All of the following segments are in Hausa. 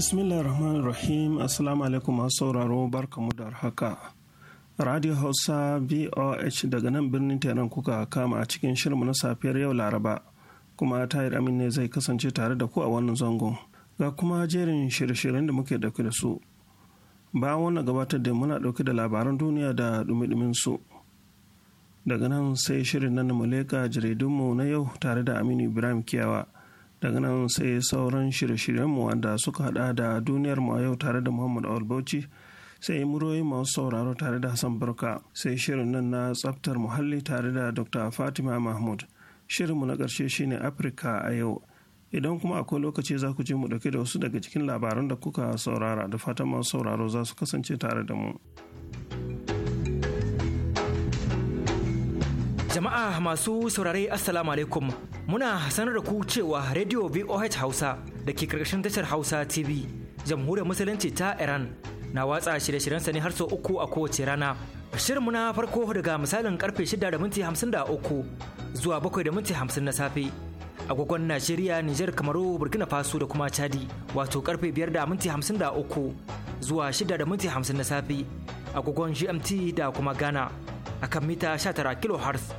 bismillah rahman rahim assalamu alaikum masu sauraro barkamu da haka radio hausa voh daga nan birnin tehran kuka kama a cikin shirinmu na safiyar yau laraba kuma tahir amin ne zai kasance tare da ku a wannan zangon ga kuma jerin shirye-shiryen da muke dauke da su ba wannan gabatar da muna dauke da labaran duniya da dumi su daga nan sai shirin nan na muleka jaridunmu na yau tare da aminu ibrahim kiyawa daga nan sai sauran shirye-shiryenmu wanda suka hada da duniyar mu a yau tare da muhammad bauchi sai muroyi masu sauraro tare da hassan barka sai shirin nan na tsaftar muhalli tare da dr fatima mahmud shirinmu na ƙarshe shine afirka a yau idan kuma akwai lokaci za ku je mu dauke da wasu daga cikin labaran da kuka saurara da fatan masu sauraro za su kasance tare da mu. Jama'a masu saurare Assalamu alaikum muna sanar da ku cewa Radio VOH Hausa da ke karkashin tashar Hausa TV jamhuriyar musulunci ta Iran na watsa shirye-shiryensa ne har sau uku a kowace rana. Shirinmu na farko daga misalin karfe shida da minti hamsin da uku zuwa bakwai da minti hamsin na safe. agogon Najeriya, Nijar, Kamaru, Burkina Faso da kuma Chadi, wato karfe 5 da minti 53 zuwa 6 da minti 50 na safe, agogon GMT da kuma Ghana akan mita 19 kilohertz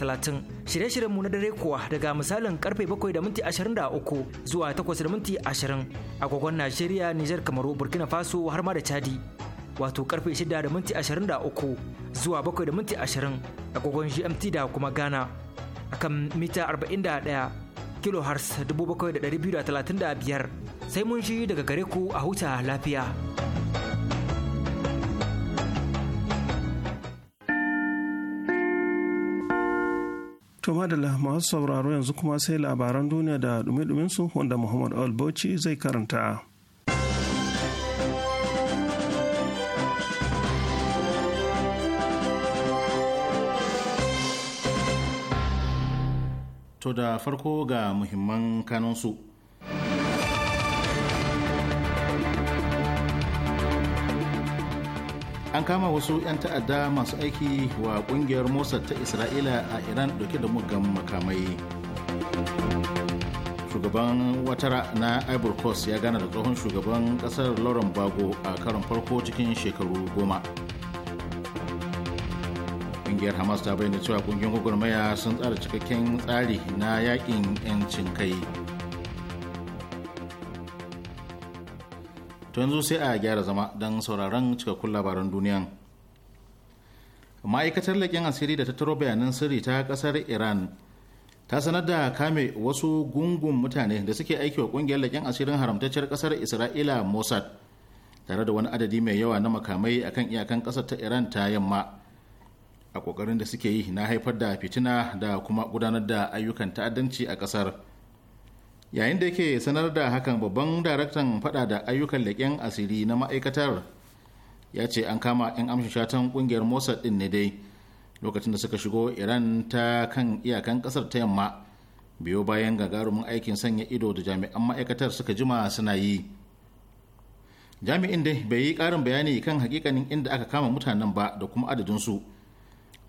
talatin shirye-shiryenmu na dare kuwa daga misalin karfe 7 da minti zuwa 8 da minti agogon Najeriya, Nijar, Kamaru, Burkina Faso har ma da Chadi. Wato karfe 6 da minti zuwa 7 da minti agogon GMT da kuma Ghana. Akan mita 41 kilohertz 7235 sai mun shi daga gare ku a huta lafiya. To madalla masu sauraro yanzu kuma sai labaran duniya da dumi su wanda Muhammad Al-Bauchi zai karanta. To da farko ga muhimman kanunsu. an kama wasu 'yan ta'adda masu aiki wa kungiyar mosa ta isra'ila a iran dauke da muggan makamai shugaban watara na ivory coast ya gana da tsohon shugaban kasar lauren bago a karon farko cikin shekaru goma kungiyar hamas ta bayyana cewa kungiyar gwagwarmaya sun tsara cikakken tsari na yakin 'yancin kai to yanzu sai a gyara zama don sauraron cikakkun labaran duniyan ma'aikatar laƙin asiri da tattaro bayanan sirri ta ƙasar iran ta sanar da kame wasu gungun mutane da suke aiki wa ƙungiyar laƙin asirin haramtacciyar ƙasar isra'ila mossad tare da wani adadi mai yawa na makamai akan iyakan ƙasar ta iran ta yamma a ƙoƙarin da suke yi na haifar da fitina da kuma gudanar da ayyukan ta'addanci a ƙasar. yayin da yake sanar da hakan babban daraktan fada da ayyukan leƙen asiri na ma'aikatar ya ce an kama 'yan amshin shatan kungiyar mossad din ne dai lokacin da suka shigo iran ta kan iyakan kasar ta yamma biyo bayan gagarumin aikin sanya ido da jami'an ma'aikatar suka jima suna yi jami'in dai bai yi karin bayani kan hakikanin inda aka kama mutanen ba da kuma adadinsu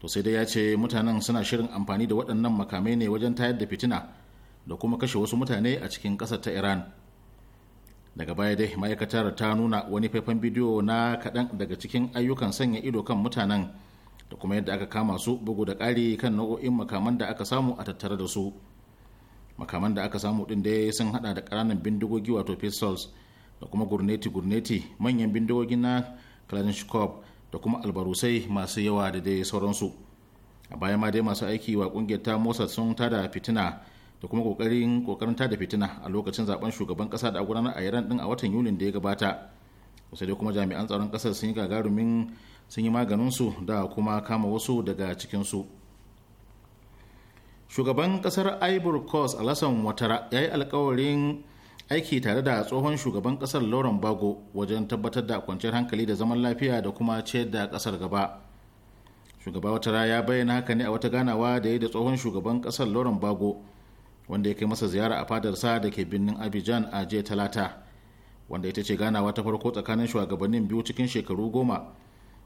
to sai dai ya ce mutanen suna shirin amfani da waɗannan makamai ne wajen tayar da fitina da kuma kashe wasu mutane a cikin ƙasar ta iran daga baya dai ma'aikatar ta nuna wani faifan bidiyo na kaɗan daga cikin ayyukan sanya ido kan mutanen da kuma yadda aka kama su bugu da ƙari kan nau'o'in makaman da aka samu a tattare da su makaman da aka samu ɗin dai sun hada da ƙananan bindigogi wato pistols da kuma gurneti gurneti manyan bindigogi na kalashnikov da kuma albarusai masu yawa da dai sauransu a baya ma dai masu aiki wa ƙungiyar ta mosa sun tada fitina da kuma kokarin kokarin tada fitina a lokacin zaben shugaban kasa da gudanar a Iran din a watan Yulin da ya gabata. Sai dai kuma jami'an tsaron kasar sun yi gagarumin sun yi maganin su da kuma kama wasu daga cikin su. Shugaban kasar Ivory Coast Alassane watara ya yi alkawarin aiki tare da tsohon shugaban kasar Lauren Bago wajen tabbatar da kwanciyar hankali da zaman lafiya da kuma ciyar da kasar gaba. Shugaba watara ya bayyana haka ne a wata ganawa da ya da tsohon shugaban kasar Lauren Bago wanda ya kai masa ziyara a fadarsa da ke birnin abijan a jiya talata wanda ita ce ganawa ta farko tsakanin shugabannin biyu cikin shekaru goma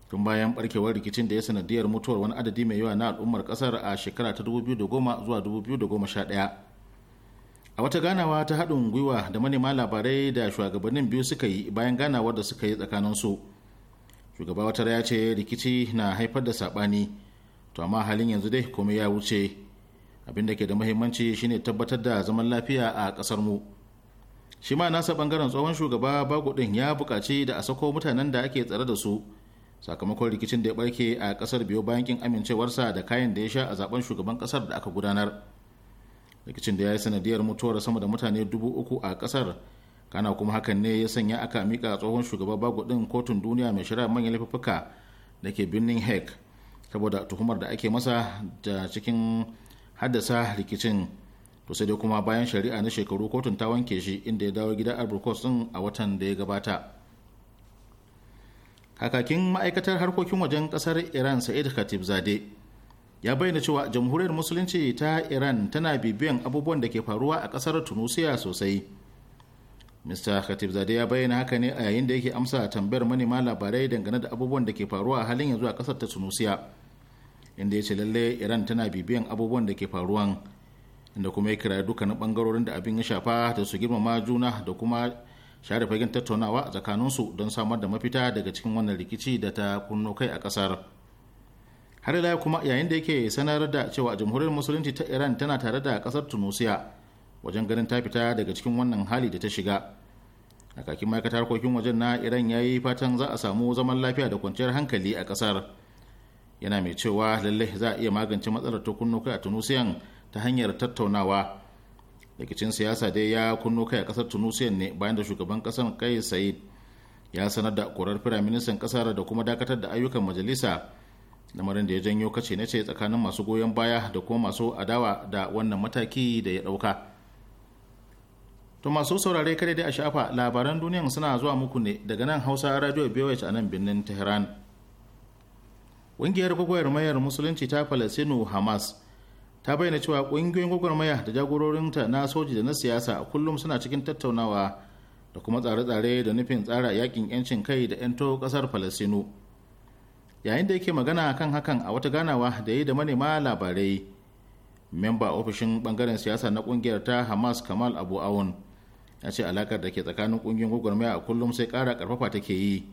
tun bayan barkewar rikicin da ya sanadiyar mutuwar wani adadi mai yawa na al'ummar kasar a shekara ta 2010 zuwa 2011 a wata ganawa ta haɗin gwiwa da manema labarai da shugabannin biyu suka yi bayan ganawar da suka yi tsakaninsu shugaba wata ya ce rikici na haifar da saɓani to amma halin yanzu dai komai ya wuce abin da ke da muhimmanci shine tabbatar da zaman lafiya a kasar mu shi ma nasa bangaren tsohon shugaba bago din ya bukaci da a sako mutanen da ake tsare da su sakamakon rikicin da ya barke a kasar biyo bayan kin amincewarsa da kayan da ya sha a zaben shugaban kasar da aka gudanar rikicin da ya yi sanadiyar mutuwar sama da mutane dubu uku a kasar kana kuma hakan ne ya sanya aka mika tsohon shugaba bago din kotun duniya mai shari'a manyan laifuka da ke birnin hague saboda tuhumar da ake masa da cikin haddasa rikicin to sai dai kuma bayan shari'a na shekaru kotun ta wanke shi inda ya dawo gida abrikos din a watan da ya gabata kakakin ma'aikatar harkokin wajen kasar iran sa'id khatib zade ya bayyana cewa jamhuriyar musulunci ta iran tana bibiyan abubuwan da ke faruwa a kasar tunusiya sosai mr khatib zade ya bayyana haka ne a yayin da yake amsa tambayar manema labarai dangane da abubuwan da ke faruwa a halin yanzu a kasar ta tunusiya inda ya ce lalle iran tana bibiyan abubuwan da ke faruwan inda kuma ya kira dukkanin bangarorin da abin ya shafa da su girmama juna da kuma share fagen tattaunawa a tsakaninsu don samar da mafita daga cikin wannan rikici da ta kunno kai a kasar har ila kuma yayin da yake sanar da cewa jamhuriyar musulunci ta iran tana tare da kasar tunusiya wajen ganin ta fita daga cikin wannan hali da ta shiga a kakin ma'aikatar harkokin wajen na iran ya yi fatan za a samu zaman lafiya da kwanciyar hankali a kasar yana mai cewa lallai za a iya magance matsalar ta kunno kai a tunusiyan ta hanyar tattaunawa rikicin siyasa dai ya kunno kai a kasar tunisiyan ne bayan da shugaban kasar kai sa'id ya sanar da korar firaministan kasar da kuma dakatar da ayyukan majalisa lamarin da ya janyo kace na ce tsakanin masu goyon baya da kuma masu adawa da wannan mataki da ya dauka to masu saurare kare dai a shafa labaran duniyan suna zuwa muku ne daga nan hausa radio bewage a nan birnin tehran ƙungiyar gwagwarmayar musulunci ta falasinu hamas ta bayyana cewa ƙungiyoyin gwagwarmaya da jagororinta na soji da na siyasa kullum suna cikin tattaunawa da kuma tsare-tsare da nufin tsara yakin 'yancin kai da 'yanto ƙasar falasinu yayin da yake magana kan hakan a wata ganawa da yi da manema labarai memba ofishin bangaren siyasa na ƙungiyar ta hamas kamal abu awon ya ce alakar da ke tsakanin ƙungiyoyin gwagwarmaya a kullum sai ƙara ƙarfafa take yi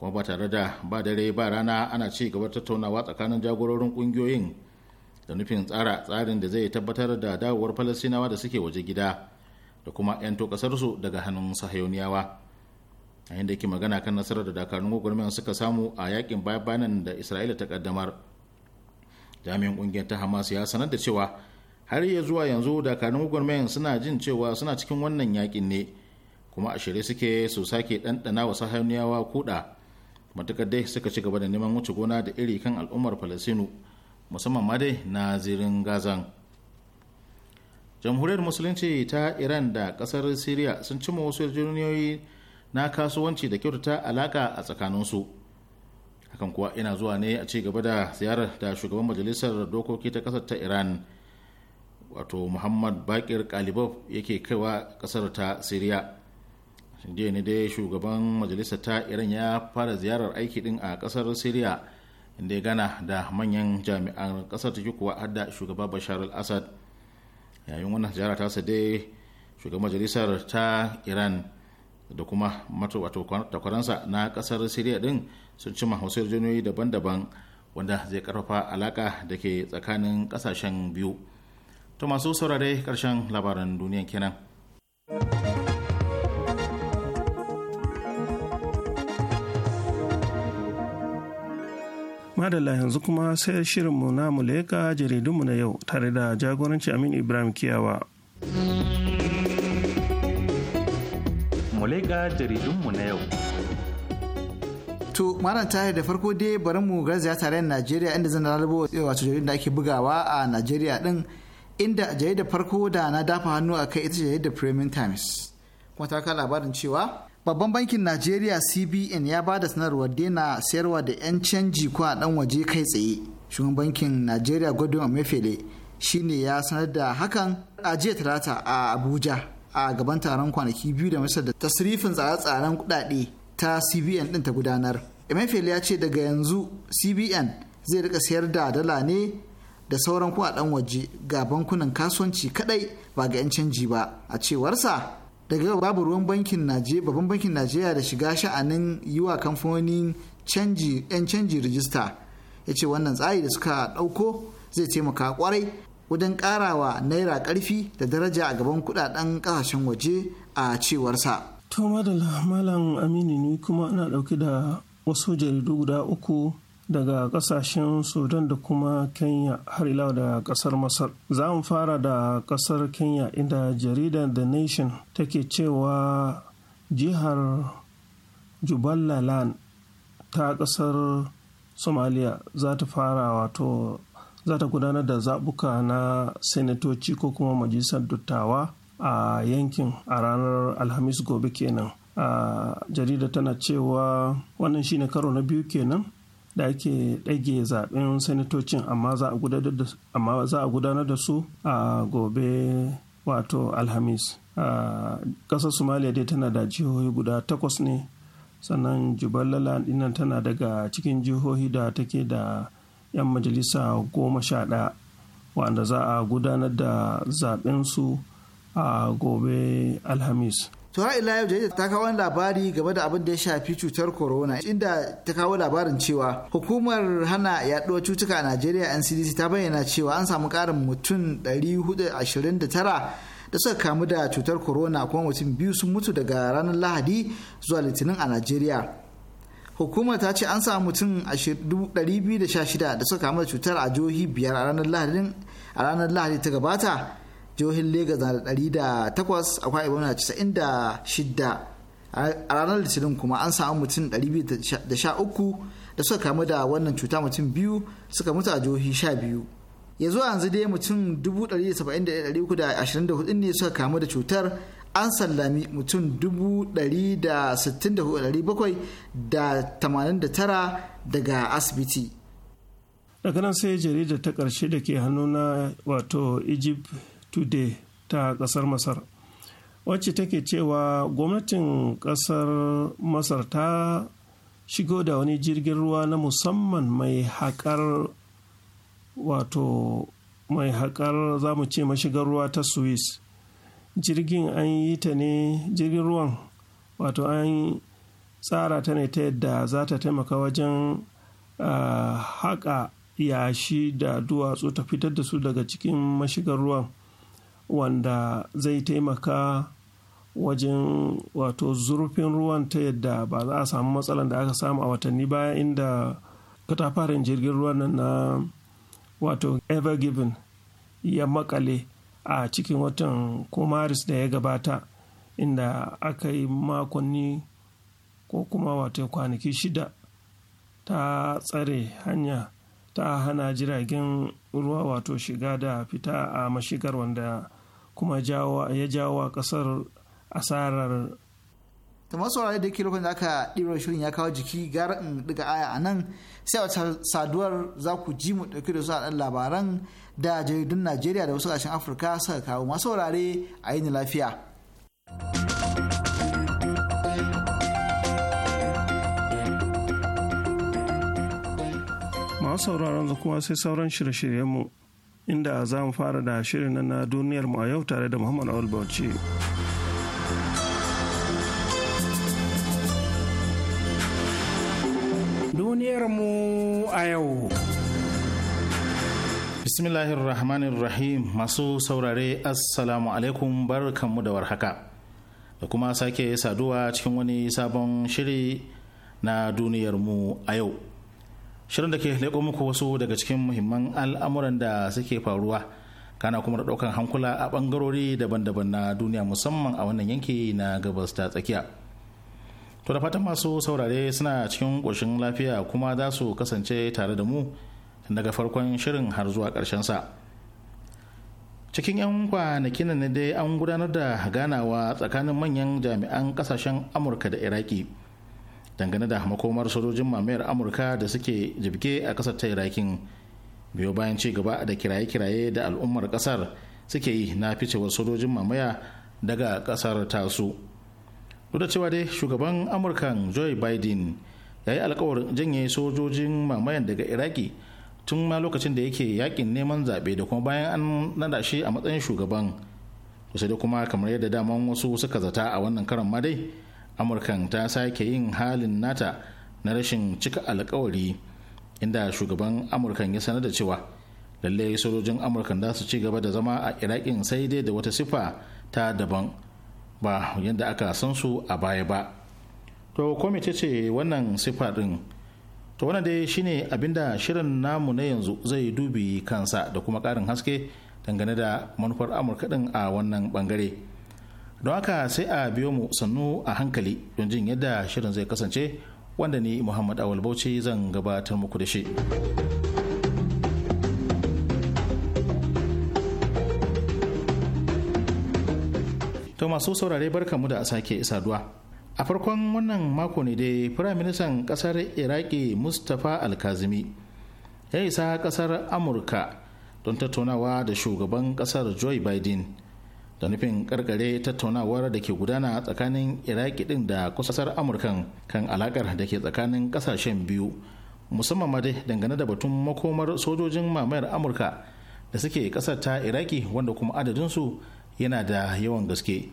kuma ba tare da ba dare ba rana ana ci gaba tattaunawa tsakanin jagororin kungiyoyin da nufin tsara tsarin da zai tabbatar da dawowar falasinawa da suke waje gida da kuma 'yan kasarsu daga hannun sahayoniyawa a yadda yake magana kan nasarar da dakarun gwagwarmayar suka samu a yakin bayanan da isra'ila ta kaddamar jami'in kungiyar ta hamas ya sanar da cewa har ya zuwa yanzu dakarun gwagwarmayar suna jin cewa suna cikin wannan yakin ne kuma a shirye suke su sake ɗanɗana wa sahayoniyawa kuɗa matuƙar dai suka ci gaba da neman wuce gona da iri kan al'ummar falasinu musamman ma dai na zirin gazan jamhuriyar musulunci ta iran da ƙasar syria sun cimma wasu yarjejeniyoyi na kasuwanci da kyautata alaka a tsakaninsu hakan kuwa ina zuwa ne a ci gaba da ziyarar da shugaban majalisar dokoki ta ƙasar ta iran wato muhammad bakir kalibov yake kaiwa ƙasar ta syria jiya ne dai shugaban majalisar ta iran ya fara ziyarar aiki din a kasar syria inda ya gana da manyan jami'an kasar ta kuwa hadda shugaba bashar al-assad yayin wannan ziyara sa dai shugaban majalisar ta iran da kuma wato takwaransa na kasar syria din sun cima hausar jiniyoyi daban-daban wanda zai karfafa alaka da ke tsakanin kasashen biyu to masu saurare karshen labaran duniyan kenan. madalla yanzu kuma sai shirinmu na muleka jaridunmu na yau tare da jagoranci amin ibrahim kiyawa muleka jaridunmu na yau To Maran Tahir da farko dai bari mu garzaya da Najeriya inda zan rarrabo eh, wato jaridun da ake bugawa a Najeriya din inda jaridar farko da na dafa hannu a kai ita jaridar Premium Times. Kuma ta ka labarin cewa babban bankin najeriya cbn ya ba da sanarwar daina sayarwa da 'yan canji ko a dan waje kai tsaye shugaban bankin najeriya godwin omefele shine ya sanar da hakan a jiya talata a abuja a gaban taron kwanaki biyu da masar da tasrifin tsare-tsaren kudade ta cbn din ta gudanar omefele ya ce daga yanzu cbn zai rika sayar da dala ne da sauran a ɗan waje ga bankunan kasuwanci kadai ba ga 'yan canji ba a cewarsa daga yau babu ruwan bankin najeriya babban bankin najeriya da shiga sha'anin yi wa kamfanonin yan canji rijista ya ce wannan tsari da suka ɗauko zai taimaka kwarai wajen ƙarawa naira karfi da daraja a gaban kudaden ƙasashen waje a cewarsa. to madalla malam aminu ni kuma ana ɗauke da wasu jaridu guda uku daga kasashen sudan da kuma kenya har ila da kasar masar za mu fara da kasar kenya inda jaridar the nation take cewa jihar jubalalan ta kasar somalia za ta fara wato za ta gudanar da zabuka na senatoci ko kuma majalisar dattawa a yankin a ranar alhamis gobe kenan a jarida tana cewa wannan shine karo na biyu kenan da ake ɗage zaɓen sanatocin amma za a gudanar da su a gobe wato alhamis a ƙasar somalia dai tana da jihohi guda takwas ne sannan jubalala dinnan tana daga cikin jihohi da take da 'yan majalisa goma sha ɗaya wanda za a gudanar da su a gobe alhamis to har ila yau jarida ta kawo labari game da abin da ya shafi cutar corona inda ta kawo labarin cewa hukumar hana yaduwar cutuka a najeriya ncdc ta bayyana cewa an samu karin mutum 429 da suka kamu da cutar corona kuma mutum biyu sun mutu daga ranar lahadi zuwa litinin a najeriya hukumar ta ce an samu mutum 216 da suka kamu da cutar a jihohi biyar a ranar lahadi ta gabata jihohin Legas na da dari da takwas akwai Ibom na casa'in da shida a ranar litinin kuma an samu mutum ɗari biyu da sha uku da suka kamu da wannan cuta mutum biyu suka mutu a jihohi sha biyu yanzu yanzu dai mutum dubu ɗari da saba'in da ɗari uku da ashirin da hudu ne suka kamu da cutar an sallami mutum dubu ɗari da sittin da hudu ɗari bakwai da tamanin da tara daga asibiti daga nan sai jarida ta ƙarshe da ke hannu na wato egypt today ta kasar masar wacce take cewa gwamnatin kasar masar ta shigo da wani jirgin ruwa na musamman mai haƙar wato mai haƙar za mu ce mashigar ruwa ta swiss jirgin an yi ta ne jirgin ruwan wato an tsara ta ne ta yadda za ta taimaka wajen haƙa yashi da duwatsu ta fitar da su daga cikin mashigar ruwan wanda zai taimaka wajen wato zurfin ruwan ta yadda ba za a samu matsalan da aka samu a watanni baya inda katafarin jirgin ruwan nan na wato ever given ya makale a cikin watan maris da ya gabata inda aka yi makonni ko kuma wato kwanaki shida ta tsare hanya ta hana jiragen ruwa wato shiga da fita a mashigar wanda kuma ya jawo a kasar asarar ta masu da ke lokacin da aka ɗiro shirin ya kawo jiki gara in ɗiga aya a nan sai a saduwar za ku ji mu ɗauki da su a ɗan labaran da jaridun najeriya da wasu ƙasashen afirka suka kawo masu saurare a yi lafiya. masu sauraron da kuma sai sauran shirye-shiryenmu inda za mu fara da shirin na duniyar mu a yau tare da Muhammad Awul Bauchi. Duniyar mu a yau. Bismillahir Rahmanir Rahim masu saurare Assalamu alaikum barkanmu da warhaka. Da kuma sake saduwa cikin wani sabon shiri na duniyar mu a yau. shirin da ke leƙo muku wasu daga cikin muhimman al'amuran da suke faruwa kana kuma da ɗaukan hankula a ɓangarori daban-daban na duniya musamman a wannan yanki na gabas ta tsakiya to da fatan masu saurare suna cikin ƙoshin lafiya kuma za su kasance tare da mu daga farkon shirin har zuwa ƙarshen sa cikin 'yan kwanakin ne dai an gudanar da ganawa tsakanin manyan jami'an ƙasashen amurka da iraki dangane da makomar sojojin mamayar amurka da suke jibge a kasar ta irakin biyo bayan ci gaba da kiraye-kiraye da al'ummar kasar suke yi na ficewar sojojin mamaya daga kasar tasu duk da cewa dai shugaban amurkan joe biden ya yi alkawarin janye sojojin mamayan daga iraki tun ma lokacin da yake yakin neman zaɓe da kuma bayan an nada shi a matsayin shugaban sai da kuma kamar yadda daman wasu suka zata a wannan karan ma dai amurkan ta sake yin halin nata na rashin cika alkawari inda shugaban amurkan ya sanar da cewa lallai sojojin amurkan za su ci gaba da zama a iraƙin sai dai da wata sifa ta daban ba yadda aka san su a baya ba to kwamiti ce wannan sifa din to wannan dai shine abinda shirin namu na yanzu zai dubi kansa da kuma ƙarin haske dangane da manufar amurka din a wannan bangare. Don haka sai a biyo mu sannu a hankali don jin yadda shirin zai kasance wanda ni Muhammad Awal Bauchi zan gabatar muku da shi. To masu saurare mu da sake saduwa. A farkon wannan mako ne dai Firaministan kasar Iraki Mustapha Alkazimi ya isa kasar Amurka don tattaunawa da shugaban kasar Joe Biden. da nufin karkare tattaunawar da ke gudana tsakanin iraki din da kusasar amurkan kan alakar da ke tsakanin kasashen biyu musamman ma dai dangane da batun makomar sojojin mamayar amurka da suke kasar ta iraki wanda kuma adadinsu yana da yawan gaske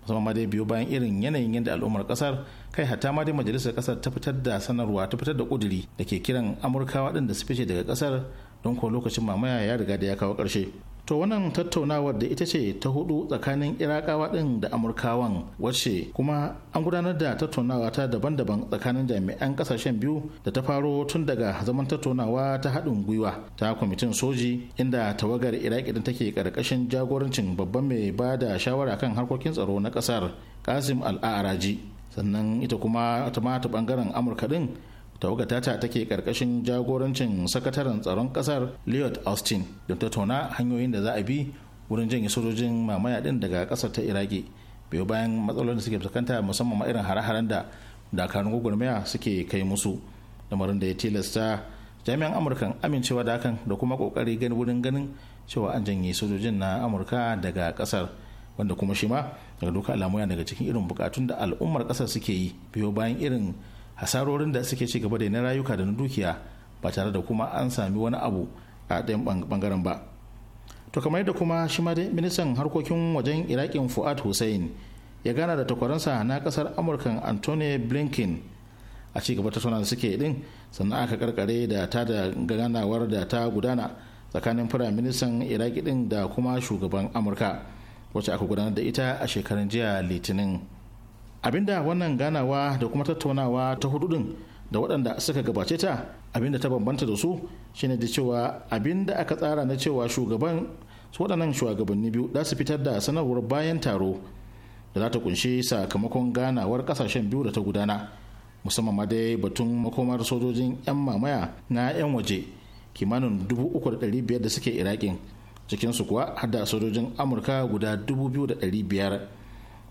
musamman ma dai biyu bayan irin yanayin yadda al'ummar kasar kai hatta ma dai majalisar kasar ta fitar da sanarwa ta fitar da kuduri da ke kiran amurkawa din da su fice daga kasar don kuwa lokacin mamaya ya riga da ya kawo karshe to wannan tattaunawar da ita ce ta hudu tsakanin irakawa din da amurkawan wacce kuma an gudanar da tattaunawa ta daban-daban tsakanin jami'an ƙasashen biyu da ta faro tun daga zaman tattaunawa ta haɗin gwiwa ta kwamitin soji inda tawagar iraki din take karkashin jagorancin babban mai ba da shawara kan harkokin tsaro na kasar kasim al'araji sannan ita kuma ta bangaren amurka din tawaga ta take karkashin jagorancin sakataren tsaron kasar lloyd austin don tattauna hanyoyin da za a bi wurin janye sojojin mamaya din daga kasar ta iraki biyo bayan matsalolin da suke fuskanta musamman ma irin hare da dakarun gugurmaya suke kai musu lamarin da ya tilasta jami'an amurka amincewa da hakan da kuma kokari gani wurin ganin cewa an janye sojojin na amurka daga kasar wanda kuma shi ma daga duka alamu daga cikin irin bukatun da al'ummar kasar suke yi biyo bayan irin hasarorin da suke ci gaba da na rayuka da na dukiya ba tare da kuma an sami wani abu a ɗayan bangaren ba to kamar yadda kuma shi ma ministan harkokin wajen iraƙin fuad hussein ya gana da takwaransa na kasar amurkan anthony blinken a ci gaba ta da suke din sannan aka karkare da ta da ganawar da ta gudana tsakanin firayim ministan iraki din da kuma shugaban amurka wacce aka gudanar da ita a shekarun jiya litinin abinda wannan ganawa da kuma tattaunawa ta hudu da waɗanda suka gabace ta abinda ta bambanta da su shine da cewa abinda aka tsara na cewa shugaban su waɗannan shugabanni biyu za su fitar da sanarwar bayan taro da za ta kunshi sakamakon ganawar ƙasashen biyu da ta gudana musamman ma dai batun makomar sojojin 'yan mamaya na 'yan waje kimanin 3,500 da suke iraƙin cikinsu kuwa har da sojojin amurka guda 2,500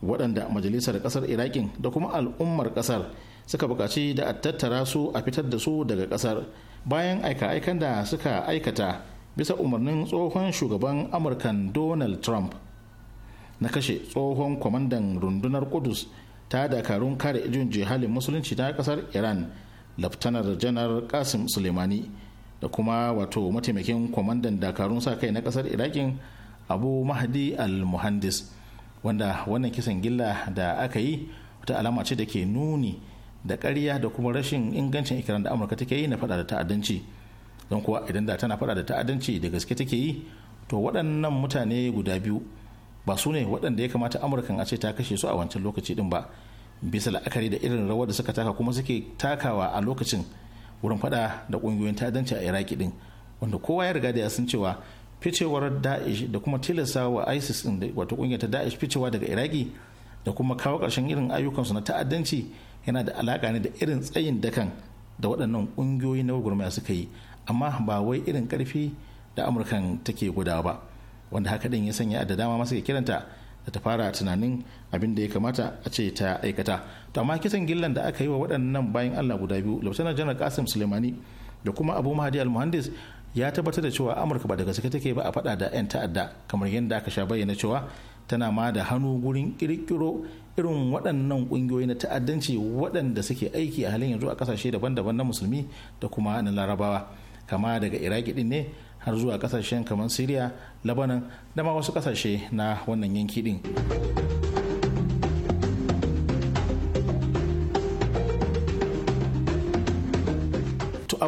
waɗanda majalisar ƙasar irakin da kuma al'ummar ƙasar suka buƙaci da a tattara su a fitar da su daga ƙasar bayan aika-aikan da suka aikata bisa umarnin tsohon shugaban amurkan donald trump na kashe tsohon kwamandan rundunar kudus ta dakarun kare ijin jihalin musulunci ta ƙasar iran laftanar janar kasim sulemani da kuma wato mataimakin kwamandan dakarun sa kai na ƙasar iraƙin abu mahdi al-muhandis wanda wannan kisan gilla da aka yi wata alama ce da ke nuni da karya da kuma rashin ingancin ikirar da amurka take yi na fada da ta'addanci don kuwa idan da tana faɗa da ta'addanci da gaske take yi to waɗannan mutane guda biyu ba su ne waɗanda ya kamata amurkan a ce ta kashe su a wancan lokaci din ba bisa la'akari da irin rawar da suka taka kuma suke takawa a lokacin wurin faɗa da ƙungiyoyin ta'addanci a iraki din wanda kowa ya riga da ya san cewa ficewar da'ish da kuma tilasta wa isis din wato kungiyar ta da'ish ficewa daga iraki da kuma kawo karshen irin ayyukansu na ta'addanci yana da alaka ne da irin tsayin dakan da waɗannan ƙungiyoyi na gwagwarmaya suka yi amma ba wai irin ƙarfi da amurkan take guda ba wanda haka din ya sanya da dama masu kiranta da ta fara tunanin abin da ya kamata a ce ta aikata to amma kisan gillan da aka yi wa waɗannan bayan allah guda biyu lautanar janar kasim sulemani da kuma abu mahadi al-muhandis ya tabbatar da cewa amurka ba da gaske take ba a fada da 'yan ta'adda kamar yadda aka sha bayyana cewa tana ma da hannu gurin kirkiro irin waɗannan ƙungiyoyi na ta'addanci waɗanda suke aiki a halin yanzu a ƙasashe daban-daban na musulmi da kuma na larabawa kama daga iraki din ne har zuwa ƙasashen kamar syria labanan da ma wasu ƙasashe na wannan yanki din.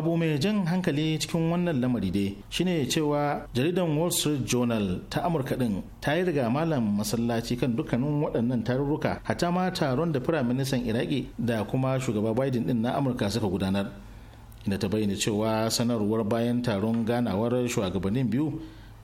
abu mai jan hankali cikin wannan lamari dai shine cewa jaridan wall street journal ta amurka din ta yi riga malam masallaci kan dukkanin waɗannan tarurruka hata ma taron da firaministan iraki da kuma shugaba biden din na amurka suka gudanar inda ta bayyana cewa sanarwar bayan taron ganawar shugabannin biyu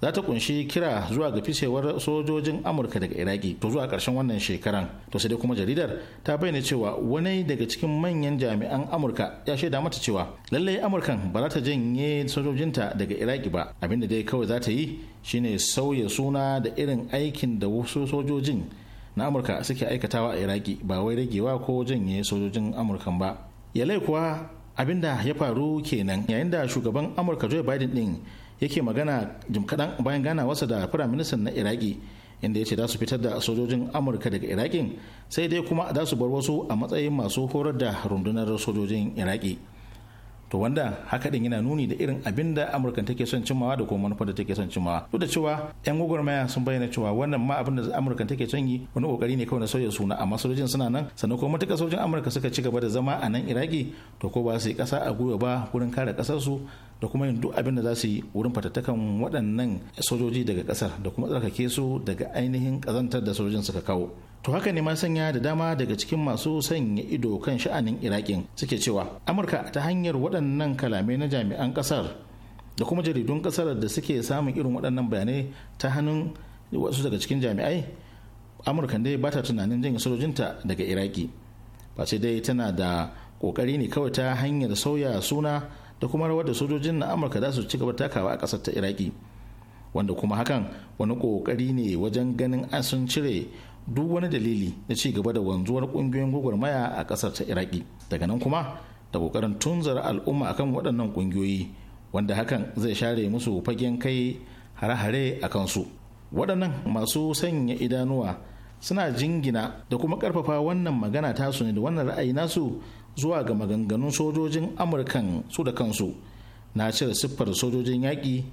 za ta kunshi kira zuwa ga fisewar sojojin amurka daga iraki to zuwa karshen wannan shekaran to sai dai kuma jaridar ta bayyana cewa wani daga cikin manyan jami'an amurka ya shaida mata cewa lallai amurkan ba za ta janye sojojinta daga iraki ba abinda dai kawai za ta yi shine sauya suna da irin aikin da wasu sojojin na amurka suke aikatawa a iraki ba wai ragewa ko janye sojojin amurkan ba yalai kuwa abinda ya faru kenan yayin da shugaban amurka joe biden din yake magana jim kaɗan bayan ganawarsa da firaministan na iraki inda ya ce za su fitar da sojojin amurka daga iraki sai dai kuma za su bar wasu a matsayin masu horar da rundunar sojojin iraki to wanda haka din yana nuni da irin abin da amurka take son cimmawa da kuma manufar da take son cimmawa duk da cewa yan gwagwarmaya sun bayyana cewa wannan ma abin da amurka take son yi wani kokari ne kawai na sauya suna amma sojojin suna nan sannan kuma matuƙa sojojin amurka suka ci gaba da zama a nan iraki to ko ba su yi ƙasa a gwiwa ba wurin kare ƙasarsu da kuma yin duk abin da za su yi wurin fatattakan waɗannan sojoji daga ƙasar da kuma tsarkake su daga ainihin ƙazantar da sojojin suka kawo to haka ne ma sanya da dama daga cikin masu sanya ido kan sha'anin iraƙin suke cewa amurka ta hanyar waɗannan kalamai na jami'an ƙasar da kuma jaridun ƙasar da suke samun irin waɗannan bayanai ta hannun wasu daga cikin jami'ai amurka dai ba ta tunanin janye sojojinta daga iraki ba sai dai tana da ƙoƙari ne kawai ta hanyar sauya suna da kuma rawar da sojojin na amurka za su ci gaba takawa a ƙasar ta iraki wanda kuma hakan wani ƙoƙari ne wajen ganin an sun cire duk wani dalili na ci gaba da wanzuwar ƙungiyoyin gwagwarmaya a ƙasar ta iraki daga nan kuma da ƙoƙarin tunzara al'umma akan waɗannan ƙungiyoyi wanda hakan zai share musu fagen kai hare-hare a kansu waɗannan masu sanya idanuwa suna jingina da kuma ƙarfafa wannan magana tasu ne da wannan ra'ayi nasu zuwa ga maganganun sojojin amurkan su da kansu na cire siffar sojojin yaƙi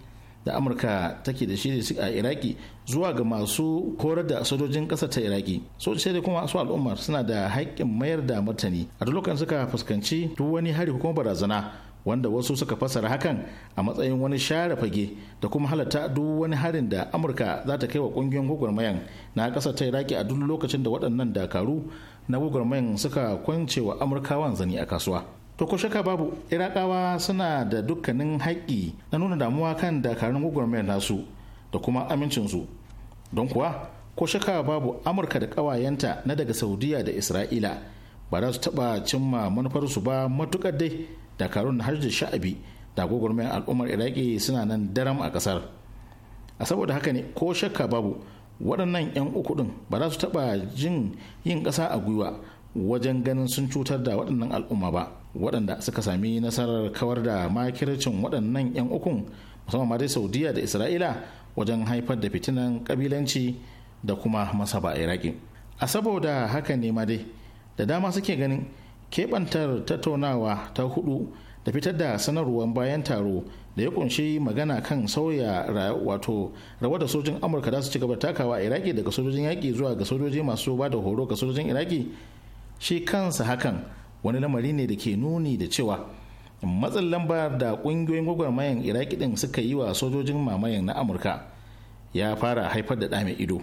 da amurka take da shi a iraki zuwa ga masu korar da sojojin ƙasar ta iraki sojojai da kuma su al'ummar suna da haƙƙin mayar da martani a lokacin suka fuskanci duk wani hari ko barazana wanda wasu suka fasara hakan a matsayin wani share fage da kuma halatta duk wani harin da amurka za ta kai wa ƙungiyar gwagwarmayan na ƙasar ta iraki a duk lokacin da waɗannan dakaru na gwagwarmayan suka kwance wa amurkawan zani a kasuwa to ko shaka babu irakawa suna da dukkanin haƙƙi na nuna damuwa kan dakarun gwagwarmayan nasu da kuma amincinsu don kuwa ko shaka babu amurka da ƙawayenta na daga saudiya da isra'ila ba za su taɓa cimma manufarsu ba matuƙar dai dakarun har da sha'abi da gwagwarmayan al'ummar iraƙi suna nan daram a ƙasar a saboda haka ne ko shakka babu waɗannan 'yan uku ɗin ba za su taɓa jin yin ƙasa a gwiwa wajen ganin sun cutar da waɗannan al'umma ba waɗanda suka sami nasarar kawar da makircin waɗannan 'yan ukun musamman ma dai saudiya da isra'ila wajen haifar da fitinan ƙabilanci da kuma masaba iraki a saboda haka ne ma dai da dama suke ganin keɓantar tattaunawa ta hudu da fitar da sanarwar bayan taro da ya kunshi magana kan sauya wato rawar da sojojin amurka za su ci gaba takawa iraki daga sojojin yaƙi zuwa ga sojoji masu ba da horo ga sojojin iraki shi kansa hakan wani lamari ne da ke nuni da cewa matsin lambar da ƙungiyoyin gwagwarmayan iraki din suka yi wa sojojin mamayan na amurka ya fara haifar da ɗame ido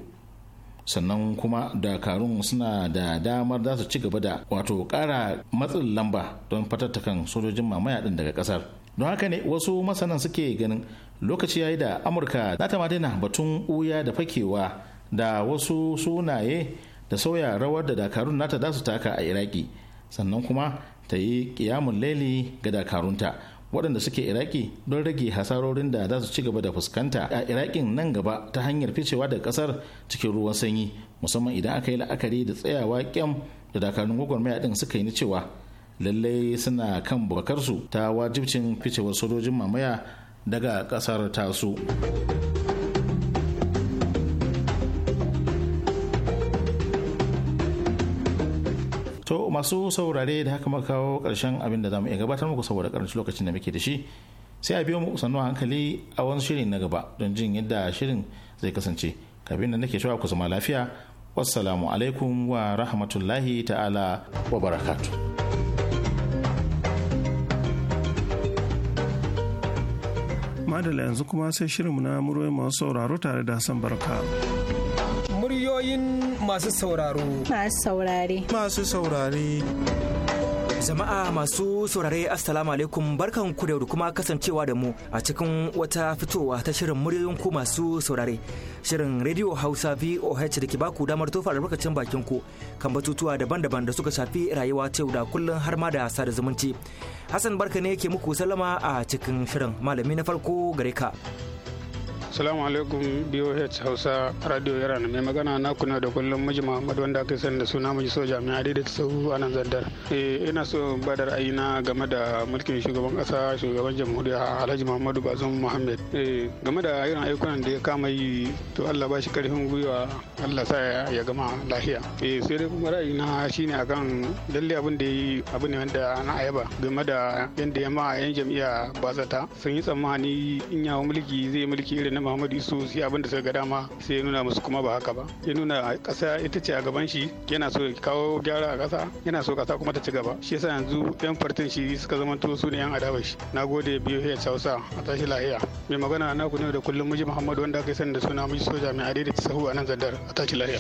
sannan kuma dakarun suna da damar za su ci gaba da wato ƙara matsin lamba don fatattakan sojojin mamaya din daga ƙasar don haka ne wasu masanan suke ganin lokaci yayi da amurka za ta madina batun uya da fakewa da wasu sunaye da sauya rawar da dakarun nata za su taka a iraki sannan kuma ta yi kiyamun laili ga dakarunta waɗanda suke iraki don rage hasarorin da za su ci gaba da fuskanta a irakin nan gaba ta hanyar ficewa da ƙasar cikin ruwan sanyi musamman idan aka yi la'akari da tsayawa kyam da dakarun gwagwarmaya ɗin suka yi ni cewa lallai suna kan bukakarsu ta wajibcin ficewar sojojin mamaya daga kasar tasu to masu saurare da haka maka kawo karshen abin da za mu iya gabatar muku saboda karancin lokacin da muke da shi sai a biyo mu sannu hankali a wani shirin na gaba don jin yadda shirin zai kasance kafin da nake cewa ku zama lafiya wassalamu alaikum wa rahmatullahi ta'ala wa barakatu. madala yanzu kuma sai shirinmu na muryoyin masu sauraro tare da hassan barka muryoyin masu sauraro masu saurare masu saurare Jama'a masu saurare Assalamu alaikum barkan ku da kuma kasancewa da mu a cikin wata fitowa ta shirin muryoyin ku masu saurare. Shirin Radio Hausa VOH da ke baku damar tofa albarkacin bakin ku kan batutuwa daban-daban da suka shafi rayuwa ta da kullum har ma da sada zumunci. Hassan barka ne ke muku sallama a cikin shirin malami na farko gare ka. Salamu alaikum BOH Hausa Radio Iran mai magana na kuna da kullum miji Muhammad wanda aka sani da suna miji soja mai adai da tsawo a nan zandar. Eh ina so ba da ra'ayina game da mulkin shugaban kasa shugaban jamhuriya Alhaji Muhammadu Bazum Muhammad. Eh game da irin aikunan da ya kama yi to Allah ba shi karfin gwiwa Allah sa ya gama lafiya. Eh sai dai kuma ra'ayina shine akan lalle abin da yi abu ne wanda na ayaba game da yanda ya ma yan ba zata sun yi tsammani in yawo mulki zai mulki irin na muhammadu Isu sai abin da suka ga dama sai ya nuna musu kuma ba haka ba ya nuna ƙasa ita ce a gaban shi yana so ya kawo gyara a ƙasa yana so ƙasa kuma ta ci gaba shi yasa yanzu yan fartin shi suka zama to su ne yan adawar shi na gode biyu ya hausa a tashi lahiya mai magana na ku ne da kullum miji muhammadu wanda aka yi sani da suna miji soja mai adai da sahu a nan zandar a tashi lahiya.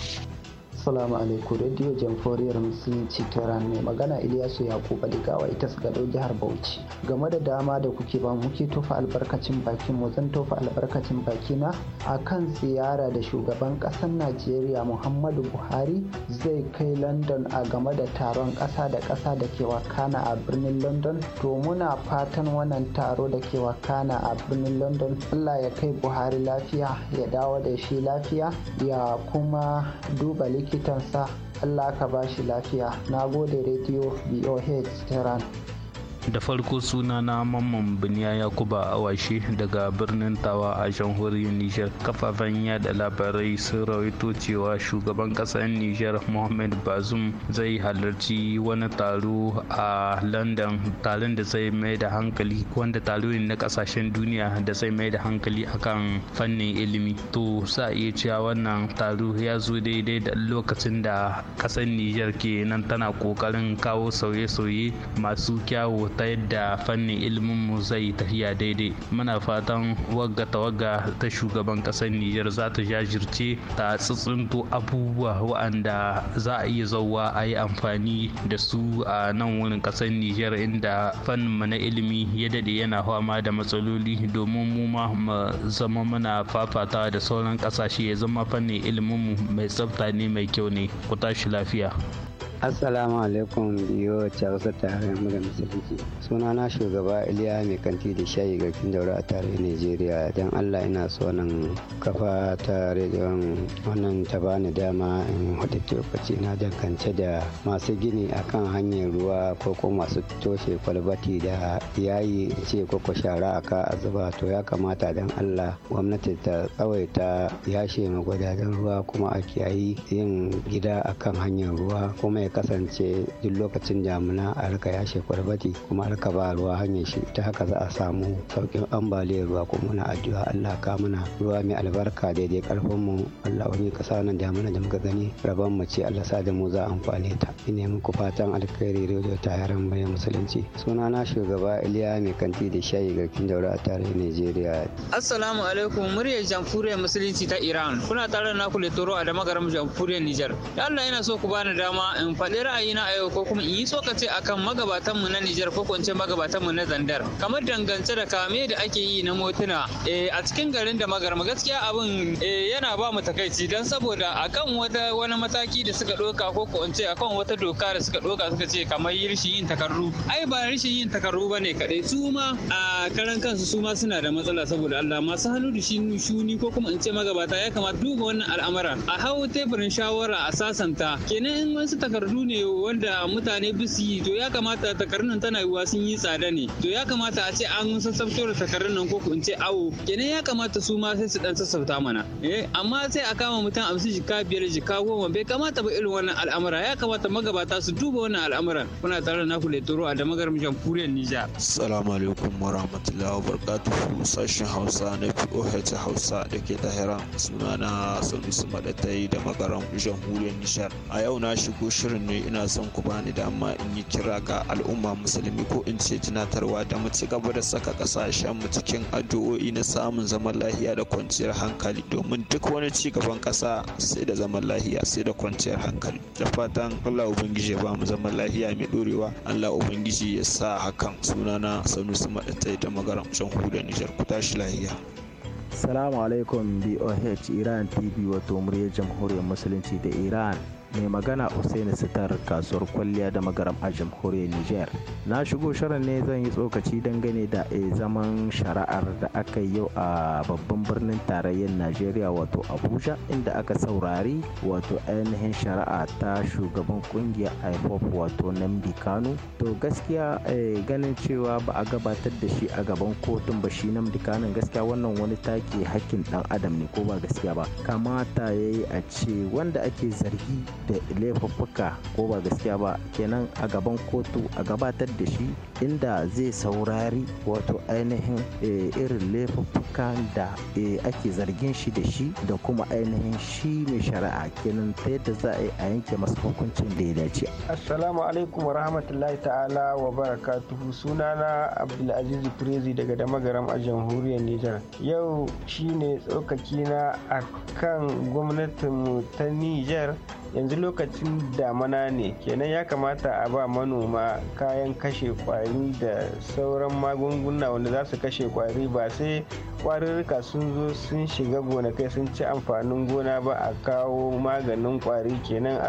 Assalamu alaikum Radio jamforiyar Musulunci ta mai magana Ilyasu Yakuba gawa ita su gado jihar Bauchi. Game da dama da kuke ba muke tofa albarkacin bakin mu zan tofa albarkacin bakina a kan ziyara da shugaban ƙasar Najeriya Muhammadu Buhari zai kai London a game da taron ƙasa da ƙasa da ke wakana a birnin London. To muna fatan wannan taro da ke wakana a birnin London Allah ya kai Buhari lafiya ya dawo da shi lafiya ya kuma duba likita likitansa Allah ka ba shi lafiya. Na gode Radio BOH Tehran. da farko suna na mamman biniya yakuba awashi daga birnin tawa a jamhuriyar nijar kafafen yada labarai sun rawaito cewa shugaban kasar nijar mohamed bazum zai halarci wani taro a london taron da zai mai da hankali wanda taro ne na kasashen duniya da zai mai da hankali akan fannin ilimi to sa iya cewa wannan taro ya zo daidai da lokacin da kasar nijar ke nan tana kokarin kawo sauye-sauye masu kyawu ta yadda fannin ilimin mu zai tafiya daidai muna fatan wagga wagga ta shugaban kasar Nijar za ta jajirce ta tsitsinto abubuwa wa'anda za a iya zauwa a yi amfani da su a nan wurin kasar Nijar inda fannin mu na ilimi ya dade yana fama da matsaloli domin mu ma zama muna fafata da sauran kasashe ya zama fannin ilimin mu mai tsafta ne mai kyau ne ku tashi lafiya. Assalamu alaikum biyo Hausa tare mu da musulunci. Suna na shugaba Iliya mai kanti da shayi garkin daura a tare Najeriya don Allah ina so nan kafa ta rediyon wannan ta bani dama in hudu lokaci na dangance da masu gini akan hanyar ruwa ko ko masu toshe kwalbati da yayi ce ko ko shara aka a zuba to ya kamata don Allah gwamnati ta tsawaita yashe magwadajen ruwa kuma a kiyayi yin gida akan hanyar ruwa kuma ya kasance duk lokacin damuna a rika yashe kwalbati kuma rika ba ruwa hanyar shi ta haka za a samu saukin ambaliyar ruwa kuma muna addu'a Allah ka muna ruwa mai albarka daidai karfin mu Allah wani kasa nan damuna da muka gani rabon mu ce Allah sa da mu za amfane ta ina muku fatan alkhairi rediyo ta yaran bayan musulunci suna na shugaba Iliya mai kanti da shayi garkin daura a tarihin Najeriya Assalamu alaikum muryar jamhuriyar musulunci ta Iran kuna tare da naku Letoro a da magaram jamhuriyar Nijar Allah yana so ku bani dama in faɗi ra'ayina a yau ko kuma in yi tsokace akan magabatanmu na Nijar ko kwance mu na Zandar. Kamar dangance da kame da ake yi na motuna eh, a cikin garin da magarma gaskiya abin eh, yana ba mu takaici don saboda akan wata wani mataki da suka doka ko kwance akan wata doka da suka doka suka ce kamar yi yin takardu. Ai ba rashin yin takardu bane ne kaɗai su ma a karan kansu su ma suna da matsala saboda Allah masu hannu da shuni ko kuma in ce magabata ya kamata duba wannan al'amuran a hau teburin shawara a sasanta kenan in wasu takardu takardu ne wanda mutane bisu yi to ya kamata takardun tana yiwuwa sun yi tsada ne to ya kamata a ce an sassabto da takardun nan ko in ce awo kenan ya kamata su ma sai su dan sassauta mana eh amma sai a kama mutum a hamsin jika biyar jika goma bai kamata ba irin wannan al'amura ya kamata magabata su duba wannan al'amuran kuna tare da naku letoro a damagar kuriyar Nijar. Assalamu alaikum wa rahmatullahi wa barakatuhu sashen Hausa na POH Hausa da ke tahira sunana Sanusi Madatai da magaran jamhuriyar Nijar. A yau na shigo shirin shirin ne ina son ku bani dama in yi kira ga al'umma musulmi ko in ce tunatarwa da mu ci gaba da saka kasashen mu cikin addu'o'i na samun zaman lahiya da kwanciyar hankali domin duk wani ci gaban kasa sai da zaman lahiya sai da kwanciyar hankali da fatan Allah ubangiji ya ba mu zaman lahiya mai dorewa Allah ubangiji ya sa hakan sunana Sanusi Madatai da magaram da Nijar ku tashi lahiya Salamu alaikum BOH Iran TV wato muryar jamhuriyar musulunci da Iran mai magana Usaini Sitar kasuwar kwalliya da magaram a jamhuriyar Nijar. Na shigo shirin ne zan yi tsokaci dangane da eh, zaman shari'ar da aka yi yau a babban birnin tarayyar Najeriya wato Abuja inda aka saurari wato ainihin shari'a ta shugaban kungiyar IPOP wato Nambi Kano. To gaskiya eh, ganin cewa ba a gabatar da shi a gaban kotun ba shi Nambi Kano gaskiya wannan wani take hakkin dan adam ne ko ba gaskiya ba. Kamata ya yi a ce wanda ake zargi da laifuffuka ko ba gaskiya ba kenan a gaban kotu a gabatar da shi inda zai saurari wato ainihin eh, irin laifuffukan da eh, ake zargin shi da shi da kuma ainihin shi mai shari'a kenan ta yadda za a yi a yanke masa hukuncin da ya dace. Assalamu alaikum wa rahmatullahi ta'ala wa barakatuhu sunana Abdulaziz Prezi daga Damagaram a jamhuriyar Nijar. Yau shine tsokaki na a akan mu ta Nijar yanzu lokacin damana ne kenan ya kamata a ba manoma kayan kashe kwari da sauran magunguna wanda za su kashe kwari ba sai kwarirrika sun zo sun shiga gonakai sun ci amfanin gona ba a kawo maganin kwari kenan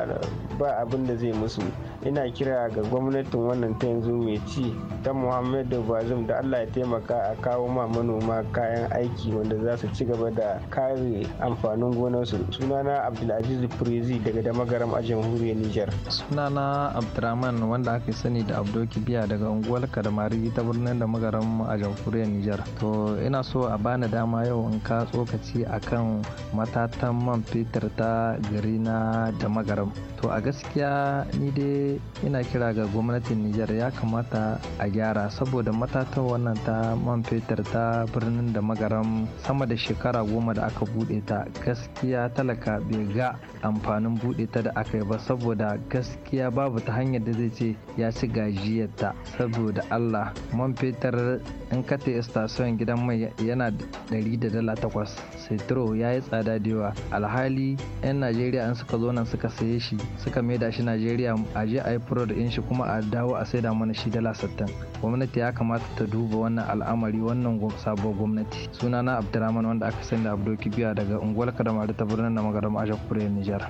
ba abin da zai musu ina kira ga gwamnatin wannan ta yanzu mai ci ta muhammadu bazum da allah ya taimaka a kawo ma manoma kayan aiki wanda za su ci gaba da kare amfanin gonarsu sunana abdulaziz prezi daga da magaram a jamhuriyar Nijar. Sunana Abdurrahman wanda aka sani da Abdo Kibiya daga unguwar Kadamari ta birnin da magaram a jamhuriyar Nijar. To ina so a bani dama yau in ka tsokaci akan matatan man fetur ta gari na da magaram. To a gaskiya ni dai ina kira ga gwamnatin Nijar ya kamata a gyara saboda matatan wannan ta man fetur ta birnin da magaram sama da shekara goma da aka buɗe ta gaskiya talaka bai ga amfanin buɗe ita da aka yi ba saboda gaskiya babu ta hanyar da zai ce ya ci gajiyarta saboda Allah man fetur in ka ta station gidan mai yana ɗari da dala takwas setro ya yi tsada da yawa alhali 'yan Najeriya in suka zo nan suka saye shi suka maida shi Najeriya a je a yi furo da shi kuma a dawo a saida mana shi dala sittin gwamnati ya kamata ta duba wannan al'amari wannan sabuwar gwamnati suna na Abdulrahman wanda aka sani da Abdul Kibiya daga unguwar Kadamari ta birnin Namagarama a kure Nijar.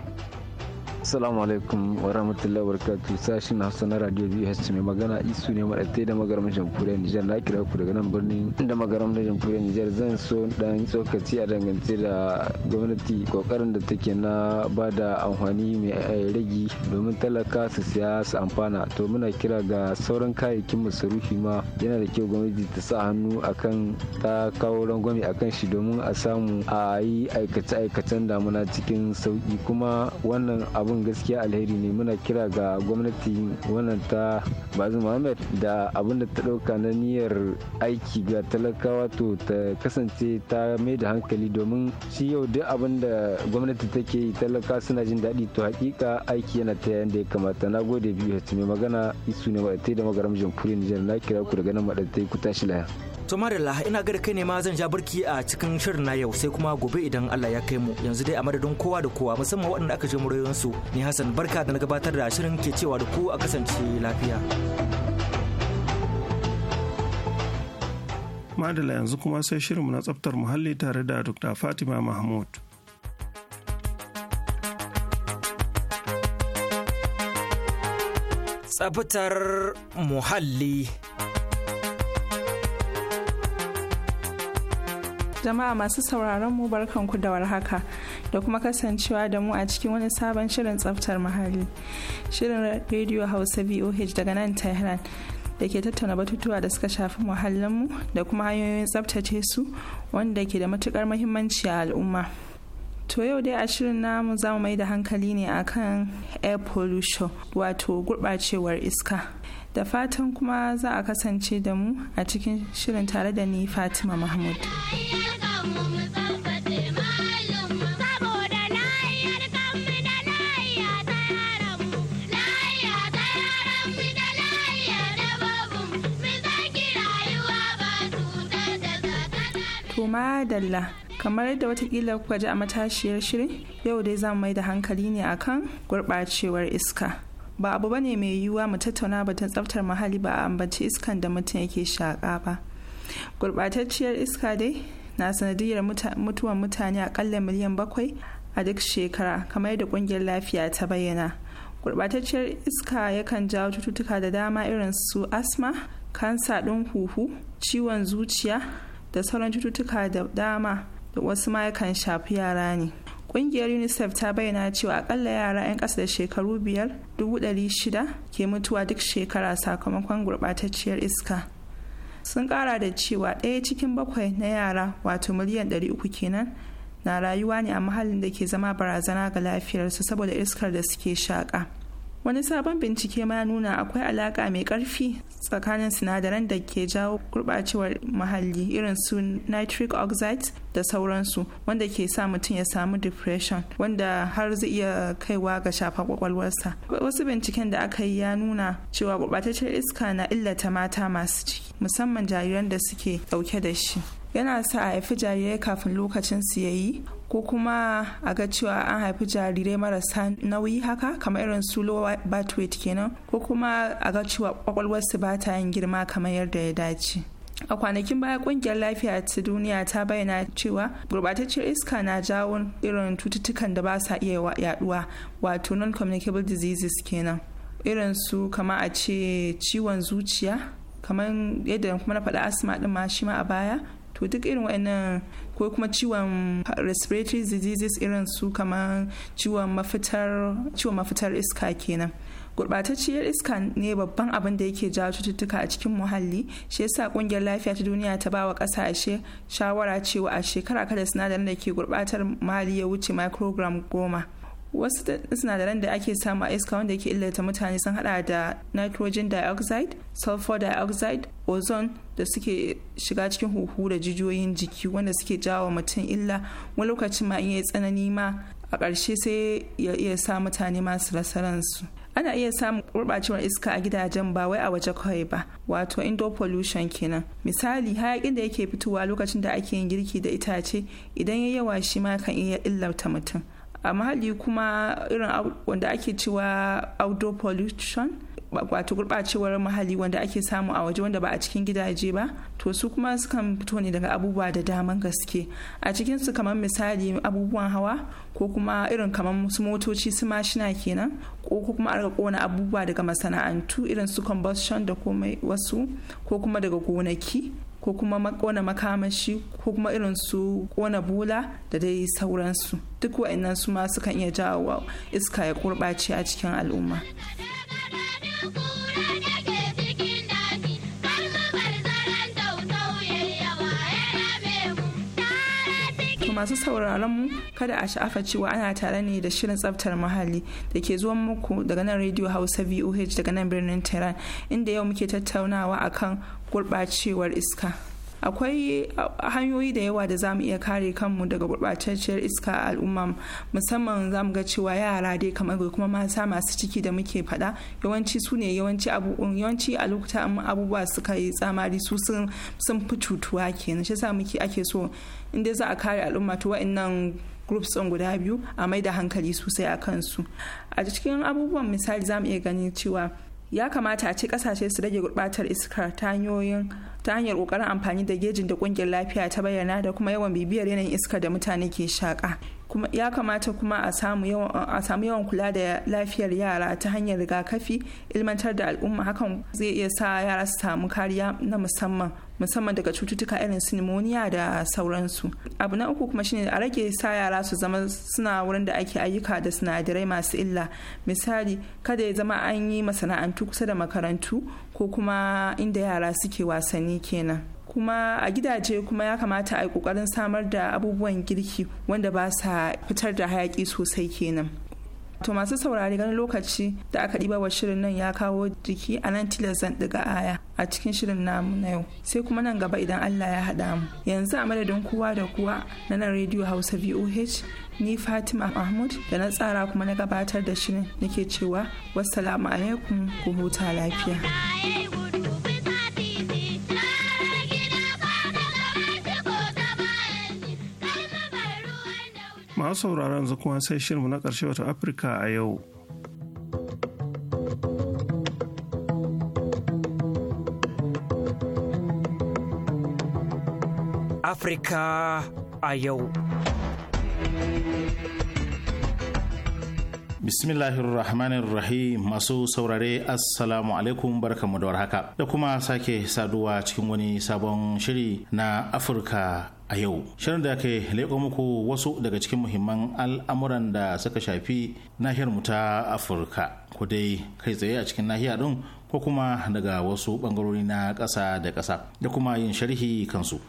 assalamu alaikum wa rahmatullahi wa barakatuh sashin hausa na radio biyu hasu mai magana isu ne maɗatai da magaram jamhuriyar nijar na kira ku daga nan birnin da magaram na jamhuriyar nijar zan so dan tsokaci a dangance da gwamnati kokarin da take na ba da amfani mai eh, ragi domin talaka su siya su amfana to muna kira ga sauran kayayyakin masarufi ma yana da kyau gwamnati ta sa hannu akan ta kawo rangwame akan shi domin a samu a yi aikace-aikacen damuna cikin sauki kuma wannan abin gaskiya alheri ne muna kira ga gwamnati wannan ta bazu muhammad da abin da ta ɗauka na niyyar aiki ga talakawa to ta kasance ta mai da hankali domin shi yau duk abin da gwamnati take yi talaka suna jin daɗi to hakika aiki yana ta yanda ya kamata na gode biyu mai magana isu ne ma'aikatai da magaram jamhuriyar nijar na kira ku daga nan ma'aikatai ku tashi laya. To Marilla ina ga kai ne ma zan ja burki a cikin shirin na yau sai kuma gobe idan Allah ya kai mu yanzu dai a madadin kowa da kowa musamman waɗanda aka je su ni Hassan barka da na gabatar da shirin ke cewa da ku a kasance lafiya. Madala yanzu kuma sai shirinmu na tsaftar muhalli tare da Dr. Fatima Mahmud. Tsaftar muhalli. jama'a masu sauraron mu barkanku da warhaka da kuma kasancewa da mu a cikin wani sabon shirin tsaftar muhalli shirin radio hausa voh daga nan tehran da ke tattauna batutuwa da suka shafi muhallinmu da kuma hanyoyin tsaftace su wanda ke da matukar muhimmanci a al'umma to yau dai a shirin namu za mu mai da hankali ne akan air pollution wato gurɓacewar iska da fatan kuma za a kasance da mu a cikin shirin tare da ni fatima mahmud. madalla kamar yadda watakila kuka ji a matashiyar shirin yau dai za mu mai da hankali ne akan gurɓacewar iska ba abu ba ne mai yiwuwa mu tattauna batun tsaftar muhalli ba a ambaci iskan da mutum yake shaƙa ba gurɓatacciyar iska dai na sanadiyar mutuwan mutane aƙalla miliyan bakwai a duk shekara kamar yadda ƙungiyar lafiya ta bayyana gurɓatacciyar iska yakan jawo cututtuka da dama irin su asma kansa ɗin huhu ciwon zuciya da sauran cututtuka da dama da wasu ma shafi yara ne ƙungiyar unicef ta bayyana cewa akalla yara 'yan ƙasa da shekaru biyar shida ke mutuwa duk shekara sakamakon gurɓatacciyar iska sun ƙara da cewa ɗaya cikin bakwai na yara wato miliyan 300 kenan na rayuwa ne a mahallin da ke zama barazana ga lafiyarsu saboda iskar da suke shaƙa wani sabon bincike ma nuna akwai alaka mai karfi tsakanin sinadaran da ke jawo gurɓacewar muhalli irin su nitric oxide da sauransu wanda ke sa mutum ya samu depression wanda har zai iya kaiwa ga shafa kwakwalwarsa wasu binciken da aka yi ya nuna cewa gurɓataccen iska na illata mata masu ciki musamman jariran da suke dauke da shi yana sa a haifi jarirai kafin lokacin su yi ko kuma a ga cewa an haifi jarirai marasa nauyi haka kamar irin su low kenan ko kuma a ga cewa kwakwalwarsu ba ta yin girma kamar yadda ya dace a kwanakin baya kungiyar lafiya ta duniya ta bayyana cewa gurbataccen iska na jawo irin cututtukan da ba sa iya yaduwa wato non-communicable diseases kenan irin su kama a ce ciwon zuciya kamar yadda kuma na faɗa asma ɗin ma shi ma a baya to duk irin wa'annan ko kuma ciwon respiratory diseases irin su kamar ciwon mafitar ciwon mafitar iska kenan gurbatacciyar iska ne babban abin da yake jawo cututtuka a cikin muhalli shi yasa ƙungiyar lafiya ta duniya ta bawa kasashe shawara cewa a shekara kada sinadarin da ke gurɓatar muhalli ya wuce microgram goma wasu sinadaran da ake samu a iska wanda yake illata mutane sun hada da nitrogen dioxide sulfur dioxide ozone da suke shiga cikin huhu da jijiyoyin jiki wanda suke jawo mutum illa wani lokacin ma in tsanani ma a ƙarshe sai ya iya sa mutane masu rasaransu su ana iya samun gurɓacewar iska a gidajen ba wai a waje kawai ba wato indoor pollution kenan misali hayakin da yake fitowa lokacin da ake yin girki da itace idan ya yawa shi ma kan iya illata mutum a muhalli kuma irin wanda ake cewa outdoor pollution wato gurɓacewar muhalli wanda ake samu a waje wanda ba a cikin gidaje ba to su kuma sukan fito ne daga abubuwa da daman gaske a cikin su kamar misali abubuwan hawa ko kuma irin kamar su motoci su mashina kenan ko kuma a kona abubuwa daga masana'antu irin su combustion da komai wasu ko kuma daga gonaki ko kuma kona makamashi ko kuma irin su kona bula da dai sauransu duk wa'annan su ma sukan iya jawo iska ya gurɓace a cikin al'umma. masu sauraron mu kada a sha'afa cewa ana tare ne da shirin tsaftar muhalli da ke zuwan muku daga nan radio hausa voh daga nan birnin tehran inda yau muke tattaunawa a kan gurɓacewar iska akwai hanyoyi da yawa da za mu iya kare kanmu daga gurɓatacciyar iska a al'umma musamman za mu ga cewa yara dai kamar kuma mata masu ciki da muke faɗa yawanci su ne yawanci yawanci a lokuta abubuwa suka yi tsamari su sun fi cutuwa kenan shi sa muke ake so in dai za a kare al'umma to wa'annan groups ɗin guda biyu a mai da hankali sosai a kansu a cikin abubuwan misali za mu iya ganin cewa ya kamata a ce kasashe su rage gurbatar iska ta hanyoyin ta hanyar kokarin amfani da gejin da kungiyar lafiya ta bayyana da kuma yawan bibiyar yanayin iska da mutane ke shaka kuma ya kamata kuma a samu yawan a samu yawan kula da lafiyar yara ta hanyar rigakafi ilmantar da al'umma hakan zai iya sa yara su samu kariya na musamman musamman daga cututtuka irin su pneumonia da sauransu abu na uku kuma shine a rage sa yara su zama suna wurin da ake ayyuka da sinadarai masu illa misali kada ya zama an yi masana'antu kusa da makarantu ko kuma inda yara suke wasanni kenan kuma a gidaje kuma ya kamata a yi kokarin samar da abubuwan girki wanda ba sa fitar da hayaki sosai kenan to masu saurari ganin lokaci da aka ɗiba wa shirin nan ya kawo jiki a nan tilas zan ɗiga aya a cikin shirin namu na yau sai kuma nan gaba idan allah ya haɗa mu yanzu a madadin kowa da kowa na nan rediyo hausa voh ni fatima mahmud da na tsara kuma na gabatar da shirin nake cewa wassalamu alaikum ku huta lafiya masu sauraron yanzu kuma sai shirinmu na ƙarshe wata Afirka a yau. Afirka a yau. Bismillahirrahmanirrahim masu saurare assalamu alaikum barkamu da warhaka da kuma sake saduwa cikin wani sabon shiri na Afirka a yau. Shirin da ke leƙo muku wasu daga cikin muhimman al'amuran da suka shafi nahiyar mu ta Afirka. ko dai kai tsaye a cikin nahiya ɗin ko kuma daga wasu ɓangarori na ƙasa da ƙasa da kuma yin sharhi kansu.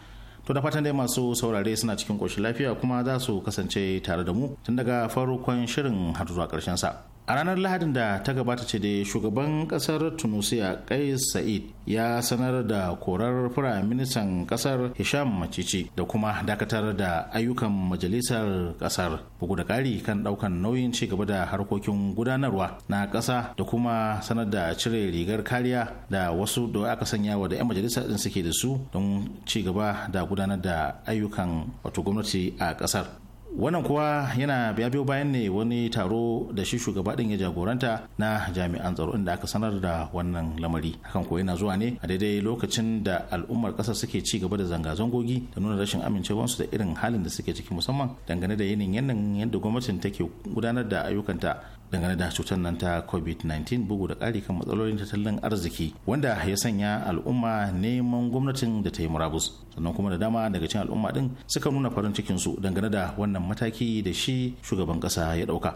To da fatan dai masu saurare suna cikin ƙoshin lafiya kuma za su kasance tare da mu tun daga farkon shirin har zuwa ƙarshen sa. a ranar lahadin da ta gabata ce da shugaban kasar tunisia kais sa'id ya sanar da korar firayim ministan kasar hisham macici da kuma dakatar da ayyukan majalisar kasar bugu da kari kan daukan nauyin ci gaba da harkokin gudanarwa na kasa da kuma sanar da cire rigar kariya da wasu da aka sanya wa da 'yan majalisar din suke da su don ci gaba da gudanar da ayyukan wato gwamnati a kasar wannan kuwa yana ya biyo bayan ne wani taro da shi shugaba din ya jagoranta na jami'an tsaro inda aka sanar da wannan lamari hakan ko yana zuwa ne a daidai lokacin da al'ummar kasar suke ci gaba da zanga-zangogi da nuna rashin amincewansu da irin halin da suke ciki musamman dangane da yanayin yanayin yadda gwamnatin take gudanar da ayyukanta dangane da cutar nan ta covid-19 bugu da ƙari kan matsalolin tattalin arziki wanda ya sanya al'umma neman gwamnatin da ta yi murabus sannan kuma da dama daga cikin al'umma din suka nuna farin cikin su dangane da wannan mataki da shi shugaban ƙasa ya ɗauka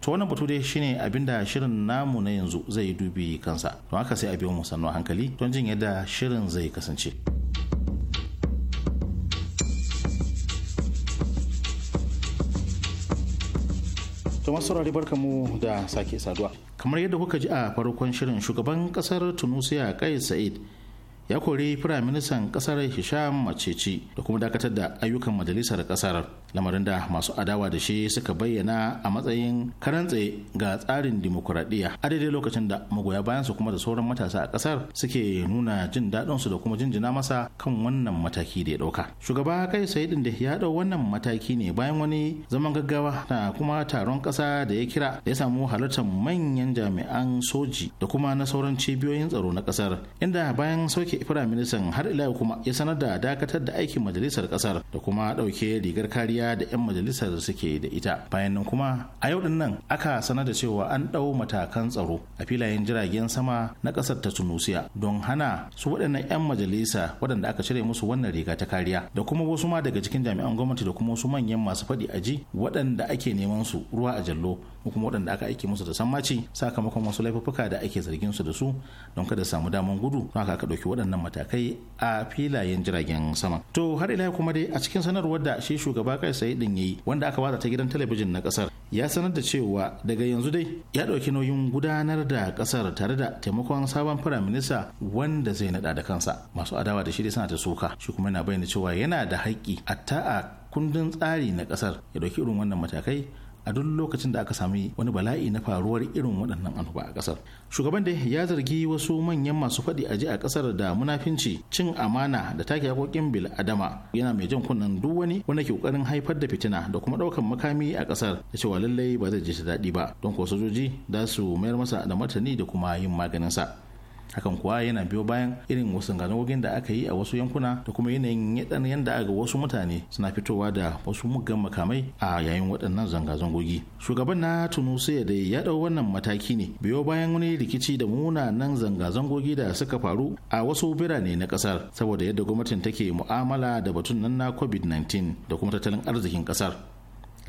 to wannan batu dai shine abinda shirin namu na yanzu zai dubi kansa to haka sai a biyo mu sannu hankali don jin yadda shirin zai kasance. To masu saurari barka mu da sake saduwa. Kamar yadda kuka ji a farkon shirin shugaban kasar Tunusiya kai Sa'id ya kori firaministan kasar hisham maceci da kuma dakatar da ayyukan majalisar kasar lamarin da masu adawa da shi suka bayyana a matsayin karantse ga tsarin dimokuraɗiyya a daidai lokacin da magoya bayan su kuma da sauran matasa a kasar suke nuna jin su da kuma jinjina masa kan wannan mataki da ya ɗauka shugaba kai sai din da ya ɗau wannan mataki ne bayan wani zaman gaggawa na kuma taron kasa da ya kira da ya samu halartar manyan jami'an soji da kuma na sauran cibiyoyin tsaro na kasar inda bayan sauke firaministan har ila kuma ya sanar da dakatar da aikin majalisar kasar da kuma ɗauke rigar kariya da 'yan majalisar suke da ita bayan nan kuma a yau din nan aka sanar da cewa an ɗau matakan tsaro a filayen jiragen sama na kasar ta tunusiya don hana su waɗannan 'yan majalisa waɗanda aka cire musu wannan riga ta kariya da kuma wasu ma daga cikin jami'an gwamnati da kuma wasu manyan masu faɗi aji waɗanda ake neman su ruwa a jallo ko kuma waɗanda aka aiki musu da sammaci sakamakon wasu laifuffuka da ake zargin su da su don kada samu damun gudu don haka aka ɗauki waɗannan matakai a filayen jiragen sama to har ila kuma dai a cikin sanarwar da shi shugaba kai sai din yayi wanda aka watsa ta gidan talabijin na kasar ya sanar da cewa daga yanzu dai ya ɗauki nauyin gudanar da kasar tare da taimakon sabon firaminista wanda zai naɗa da kansa masu adawa da shi dai suna ta suka shi kuma yana bayyana cewa yana da haƙƙi a ta'a kundin tsari na kasar ya ɗauki irin wannan matakai a duk lokacin da aka sami wani bala'i na faruwar irin waɗannan annoba a ƙasar. Shugaban da ya zargi wasu manyan masu faɗi a a ƙasar da munafinci cin amana da take haƙoƙin bil adama yana mai jan kunnen duk wani wanda ke ƙoƙarin haifar da fitina da kuma ɗaukan makami a ƙasar da cewa lallai ba zai ji daɗi ba don ko sojoji za su mayar masa da martani da kuma yin maganinsa. hakan kuwa yana biyo bayan irin wasu ganogogin da aka yi a wasu yankuna da kuma yanayin yadan yanda aga wasu mutane suna fitowa da wasu muggan makamai a yayin waɗannan zanga-zangogi shugaban na tunusiya da ya ɗau wannan mataki ne biyo bayan wani rikici da munanan zanga-zangogi da suka faru a wasu birane na ƙasar saboda yadda gwamnatin take mu'amala da batun nan na covid-19 da kuma tattalin arzikin ƙasar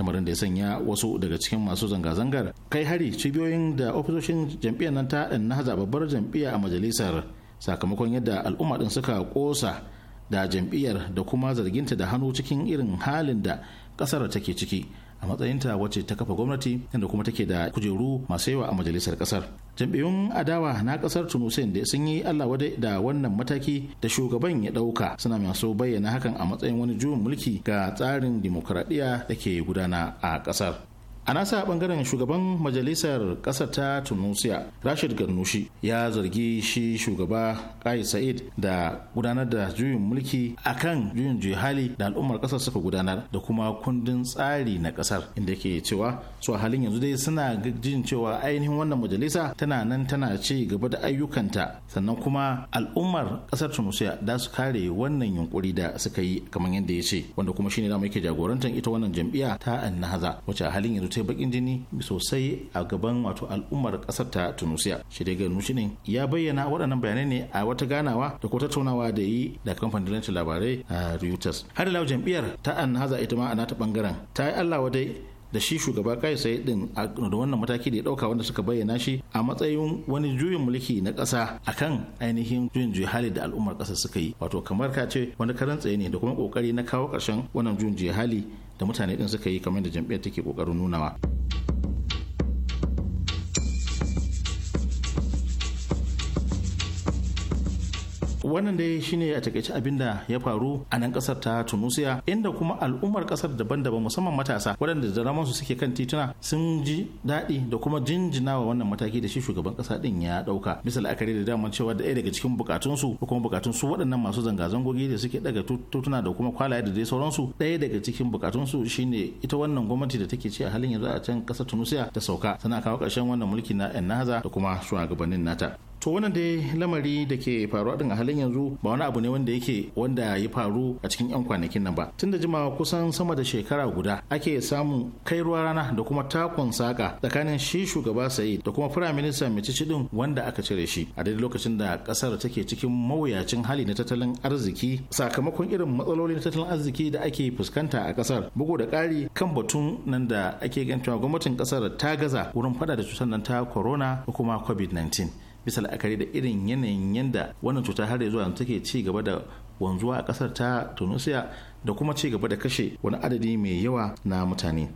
lamarin da ya sanya wasu daga cikin masu zanga-zangar kai hari cibiyoyin da ofisoshin jam'iyyar nan ta na babbar jam'iyya a majalisar sakamakon yadda al'umma din suka kosa da jam'iyyar da kuma zarginta da hannu cikin irin halin da kasar take ciki a matsayinta wacce ta kafa gwamnati inda kuma take da kujeru masu yawa a majalisar kasar jam'iyyun adawa na kasar tunusin da sun yi allah wadai da wannan mataki da shugaban ya dauka suna masu bayyana hakan a matsayin wani juyin mulki ga tsarin dimokuraɗiyya da ke gudana a kasar a nasa bangaren shugaban majalisar kasa ta tunisia rashid garnushi ya zargi shi shugaba kai sa'id da gudanar da juyin mulki a kan juyin juyi hali da al'ummar kasar suka gudanar da kuma kundin tsari na kasar inda ke cewa su a halin yanzu dai suna jin cewa ainihin wannan majalisa tana nan tana ci gaba da ayyukanta sannan kuma al'ummar kasar tunisia da su kare wannan yunkuri da suka yi kamar yadda ya ce wanda kuma shine da muke jagorantar ita wannan jam'iyya ta annahaza wacce a halin yanzu ta ce bakin jini sosai a gaban wato al'ummar kasar ta tunisia shi dai ganushi ne ya bayyana waɗannan bayanai ne a wata ganawa da ko tattaunawa da yi da kamfanin dalancin labarai a reuters har da jam'iyyar ta an haza ita ma a nata bangaren ta yi allah wadai da shi shugaba kai sai din da wannan mataki da ya dauka wanda suka bayyana shi a matsayin wani juyin mulki na kasa akan ainihin juyin juyi hali da al'ummar kasa suka yi wato kamar ka ce wani karan tsaye ne da kuma kokari na kawo karshen wannan juyin juyi hali da mutane din suka yi kamar da jam'iyyar take kokarin nunawa wannan dai shine a takaice abin da ya faru a nan kasar ta tunusiya inda kuma al'ummar kasar daban-daban musamman matasa waɗanda da su suke kan tituna sun ji daɗi da kuma jinjinawa wannan mataki da shi shugaban kasa din ya ɗauka misali akari da damar cewa da ɗaya daga cikin bukatunsu ko kuma bukatun su waɗannan masu zanga-zangogi da suke daga tutuna da kuma kwalaye da dai sauransu ɗaya daga cikin bukatun su shine ita wannan gwamnati da take ce a halin yanzu a can kasar tunusiya ta sauka tana kawo ƙarshen wannan mulki na yan da kuma shugabannin nata to wannan dai lamari da ke faru din a halin yanzu ba wani abu ne wanda yake wanda ya faru a cikin yan kwanakin nan ba tun da jimawa kusan sama da shekara guda ake samun kai ruwa rana da kuma takon saka tsakanin shi shugaba sa'id da kuma firayim minista mai din wanda aka cire shi a daidai lokacin da kasar take cikin mawuyacin hali na tattalin arziki sakamakon irin matsalolin tattalin arziki da ake fuskanta a kasar bugu da kari kan batun nan da ake gantawa gwamnatin kasar ta gaza wurin fada da cutar nan ta corona ko kuma covid-19 bisa la'akari da irin yanayin yadda wannan cuta har zuwa yanzu take ci gaba da wanzuwa a kasar ta tunisia da kuma ci gaba da kashe wani adadi mai yawa na mutane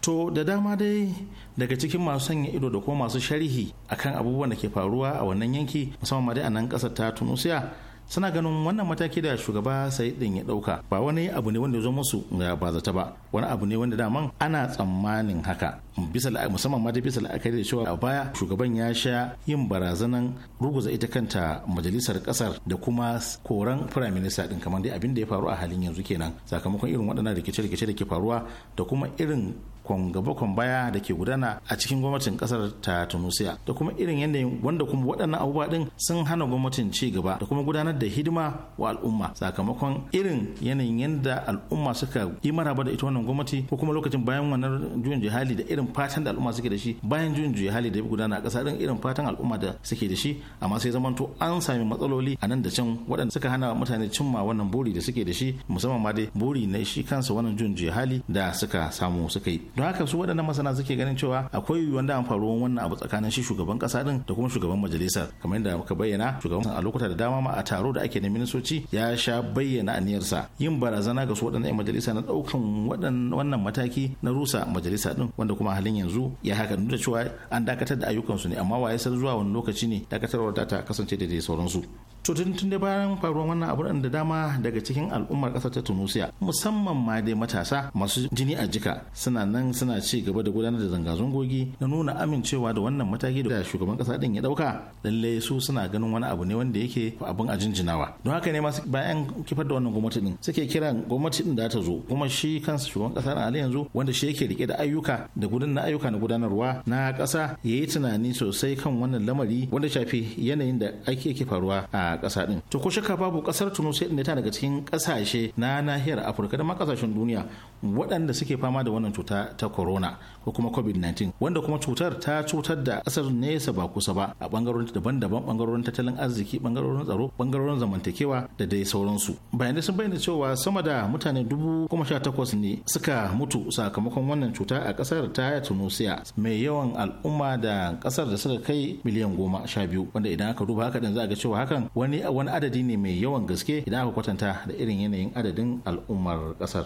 to da dama dai daga cikin masu sanya ido da kuma masu sharhi akan abubuwan da ke faruwa a wannan yanki musamman ma dai a nan kasar ta tunisia suna ganin wannan mataki da shugaba sai din ya dauka ba wani abu ne wanda ya zo musu ga bazata ba wani abu ne wanda daman ana tsammanin haka bisa musamman ma da bisa la'akari da cewa a baya shugaban ya sha yin barazanan ruguza ita kanta majalisar kasar da kuma koran prime minister din kamar dai abin da ya faru a halin yanzu kenan sakamakon irin waɗannan rikice-rikice da ke faruwa da kuma irin kwan baya da ke gudana a cikin gwamnatin kasar ta tunisia da kuma irin yanayin wanda kuma waɗannan abubuwa din sun hana gwamnatin ci gaba da kuma gudanar da hidima wa al'umma sakamakon irin yanayin yanda al'umma suka yi maraba da ita wannan gwamnati ko kuma lokacin bayan wannan juyin hali da irin fatan da al'umma suke da shi bayan juyin hali da ya gudana a kasar din irin fatan al'umma da suke da shi amma sai zamanto an sami matsaloli a nan da can waɗanda suka hana mutane cimma wannan buri da suke da shi musamman ma dai buri na shi kansa wannan juyin hali da suka samu suka yi don haka su waɗannan masana suke ganin cewa akwai yiwuwar da ruwan wannan abu tsakanin shi shugaban kasa din da kuma shugaban majalisar kamar yadda muka bayyana shugaban a lokuta da dama ma a taro da ake na minisoci ya sha bayyana aniyarsa yin barazana ga su waɗannan 'yan majalisa na ɗaukan wannan mataki na rusa majalisa din wanda kuma halin yanzu ya haka nuna cewa an dakatar da ayyukansu ne amma waye san zuwa wani lokaci ne dakatarwar ta kasance da dai sauransu to tun tun bayan faruwar wannan abu da dama daga cikin al'ummar kasar ta tunisia musamman ma dai matasa masu jini a jika suna nan suna ci gaba da gudanar da zanga-zangogi na nuna amincewa da wannan mataki da shugaban kasa din ya dauka lalle su suna ganin wani abu ne wanda yake abin a jinjinawa don haka ne masu bayan kifar da wannan gwamnati din suke kiran gwamnati din da ta zo kuma shi kansa shugaban kasa a yanzu wanda shi yake rike da ayyuka da gudanar ayyuka na gudanarwa na kasa yayi tunani sosai kan wannan lamari wanda shafi yanayin da ake faruwa a kasa din to ko shakka babu ƙasar Tunusia din ta daga cikin ƙasashe na nahiyar Afirka da ma ƙasashen duniya waɗanda suke fama da wannan cuta ta corona ko kuma covid-19 wanda kuma cutar ta cutar da ƙasar nesa ba kusa ba a ɓangarorin daban-daban ɓangarorin tattalin arziki ɓangarorin tsaro ɓangarorin zamantakewa da dai sauransu bayanai sun bayyana cewa sama da mutane dubu kuma sha takwas ne suka mutu sakamakon wannan cuta a ƙasar ta tunisia mai yawan al'umma da ƙasar da suka kai miliyan goma sha biyu wanda idan aka duba haka ɗin za a ga cewa hakan wani wani adadi ne mai yawan gaske idan aka kwatanta da irin yanayin adadin al'ummar ƙasar.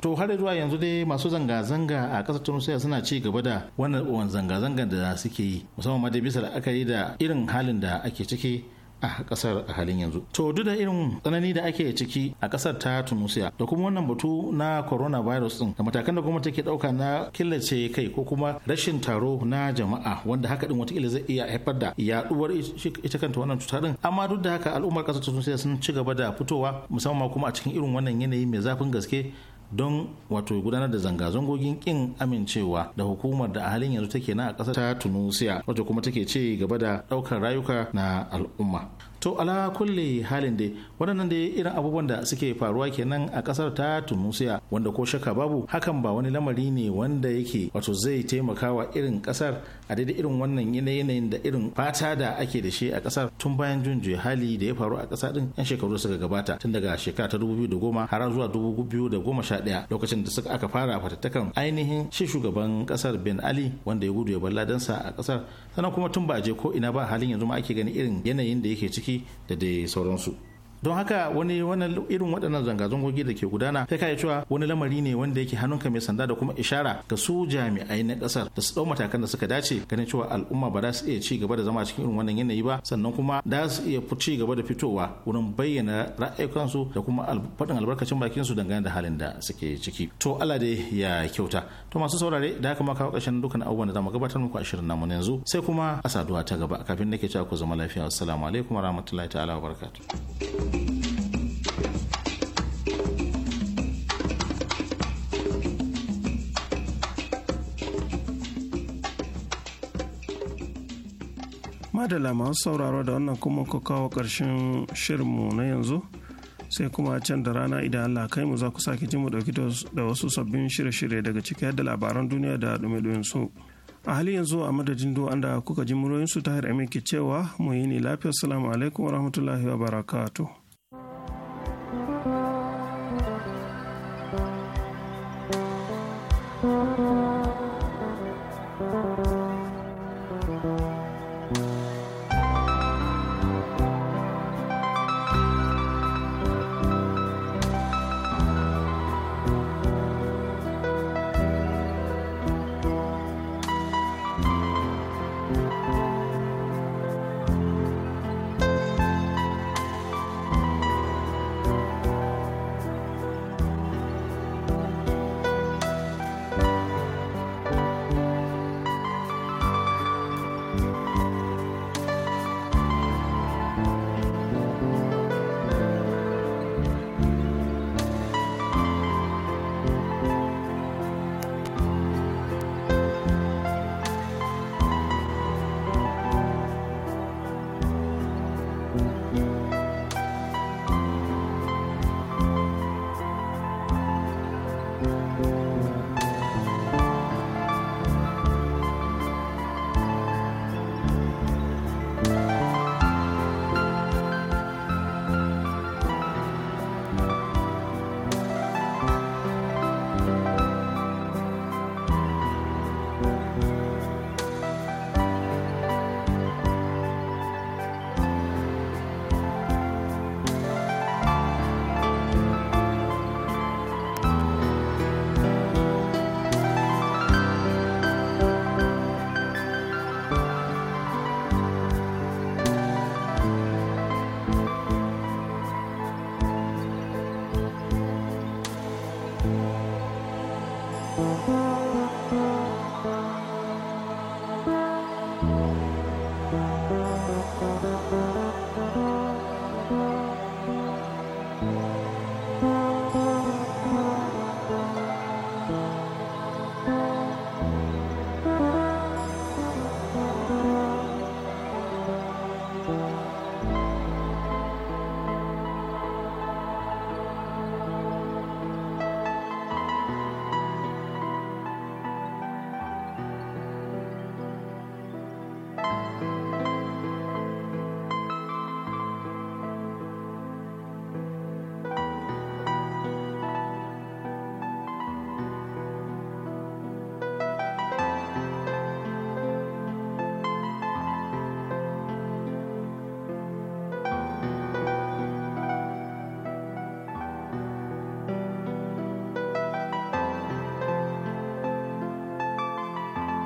to har zuwa yanzu dai masu zanga-zanga a ƙasar tunisia suna ci gaba da wannan zanga zanga da suke yi musamman ma da bisa yi da irin halin da ake ciki a kasar a halin yanzu to duk da irin tsanani da ake ciki a ƙasar ta tunisia da kuma wannan batu na coronavirus din da matakan da gwamnati ke dauka na killace kai ko kuma rashin taro na jama'a wanda haka din watakila zai iya haifar da yaduwar ita kanta wannan cuta din amma duk da haka al'ummar kasar tunisia sun ci gaba da fitowa musamman kuma a cikin irin wannan yanayi mai zafin gaske don wato gudanar da zanga-zangogin kin amincewa da hukumar da a halin yanzu take na a ƙasar ta tunisia wato kuma take ce gaba da ɗaukar rayuka na al'umma to ala kulle halin dai waɗannan dai irin abubuwan da suke faruwa kenan a ƙasar ta tunisia wanda ko shaka babu hakan ba wani lamari ne wanda yake wato zai taimakawa irin ƙasar a daidai irin wannan yanayin da irin fata da ake da shi a ƙasar tun bayan jin hali da ya faru a ƙasa din yan shekaru suka gabata tun daga shekara ta goma har zuwa dubu biyu da goma sha ɗaya lokacin da suka aka fara fatattakan ainihin shi shugaban ƙasar ben ali wanda ya gudu ya balladansa a ƙasar sannan kuma tun ba a je ko ina ba halin yanzu ma ake gani irin yanayin da yake ciki ciki da dai sauransu don haka wani irin waɗannan zanga-zangogi da ke gudana ta kai cewa wani lamari ne wanda yake hannunka mai sanda da kuma ishara ga su jami'ai na ƙasar da su ɗau matakan da suka dace ganin cewa al'umma ba za su iya ci gaba da zama cikin irin wannan yanayi ba sannan kuma da su iya ci gaba da fitowa wurin bayyana ra'ayoyinsu da kuma faɗin albarkacin bakin su dangane da halin da suke ciki to Allah dai ya kyauta to masu saurare da haka ma kawo ƙarshen dukkan abubuwan da zamu gabatar muku a shirin namu yanzu sai kuma a saduwa ta gaba kafin nake cewa ku zama lafiya assalamu alaikum warahmatullahi ta'ala wabarakatuh madala masu sauraro da wannan kuma ku kawo ƙarshen shirinmu na yanzu sai kuma can da rana idan Allah kai mu za ku sake jin mu dauki da wasu sabbin shirye-shirye daga ciki da labaran duniya da dumi su a halin yanzu a madadin do da kuka ji muryoyin su ta hada cewa mu yi ne lafiya salamu alaikum wa rahmatullahi wa barakatu.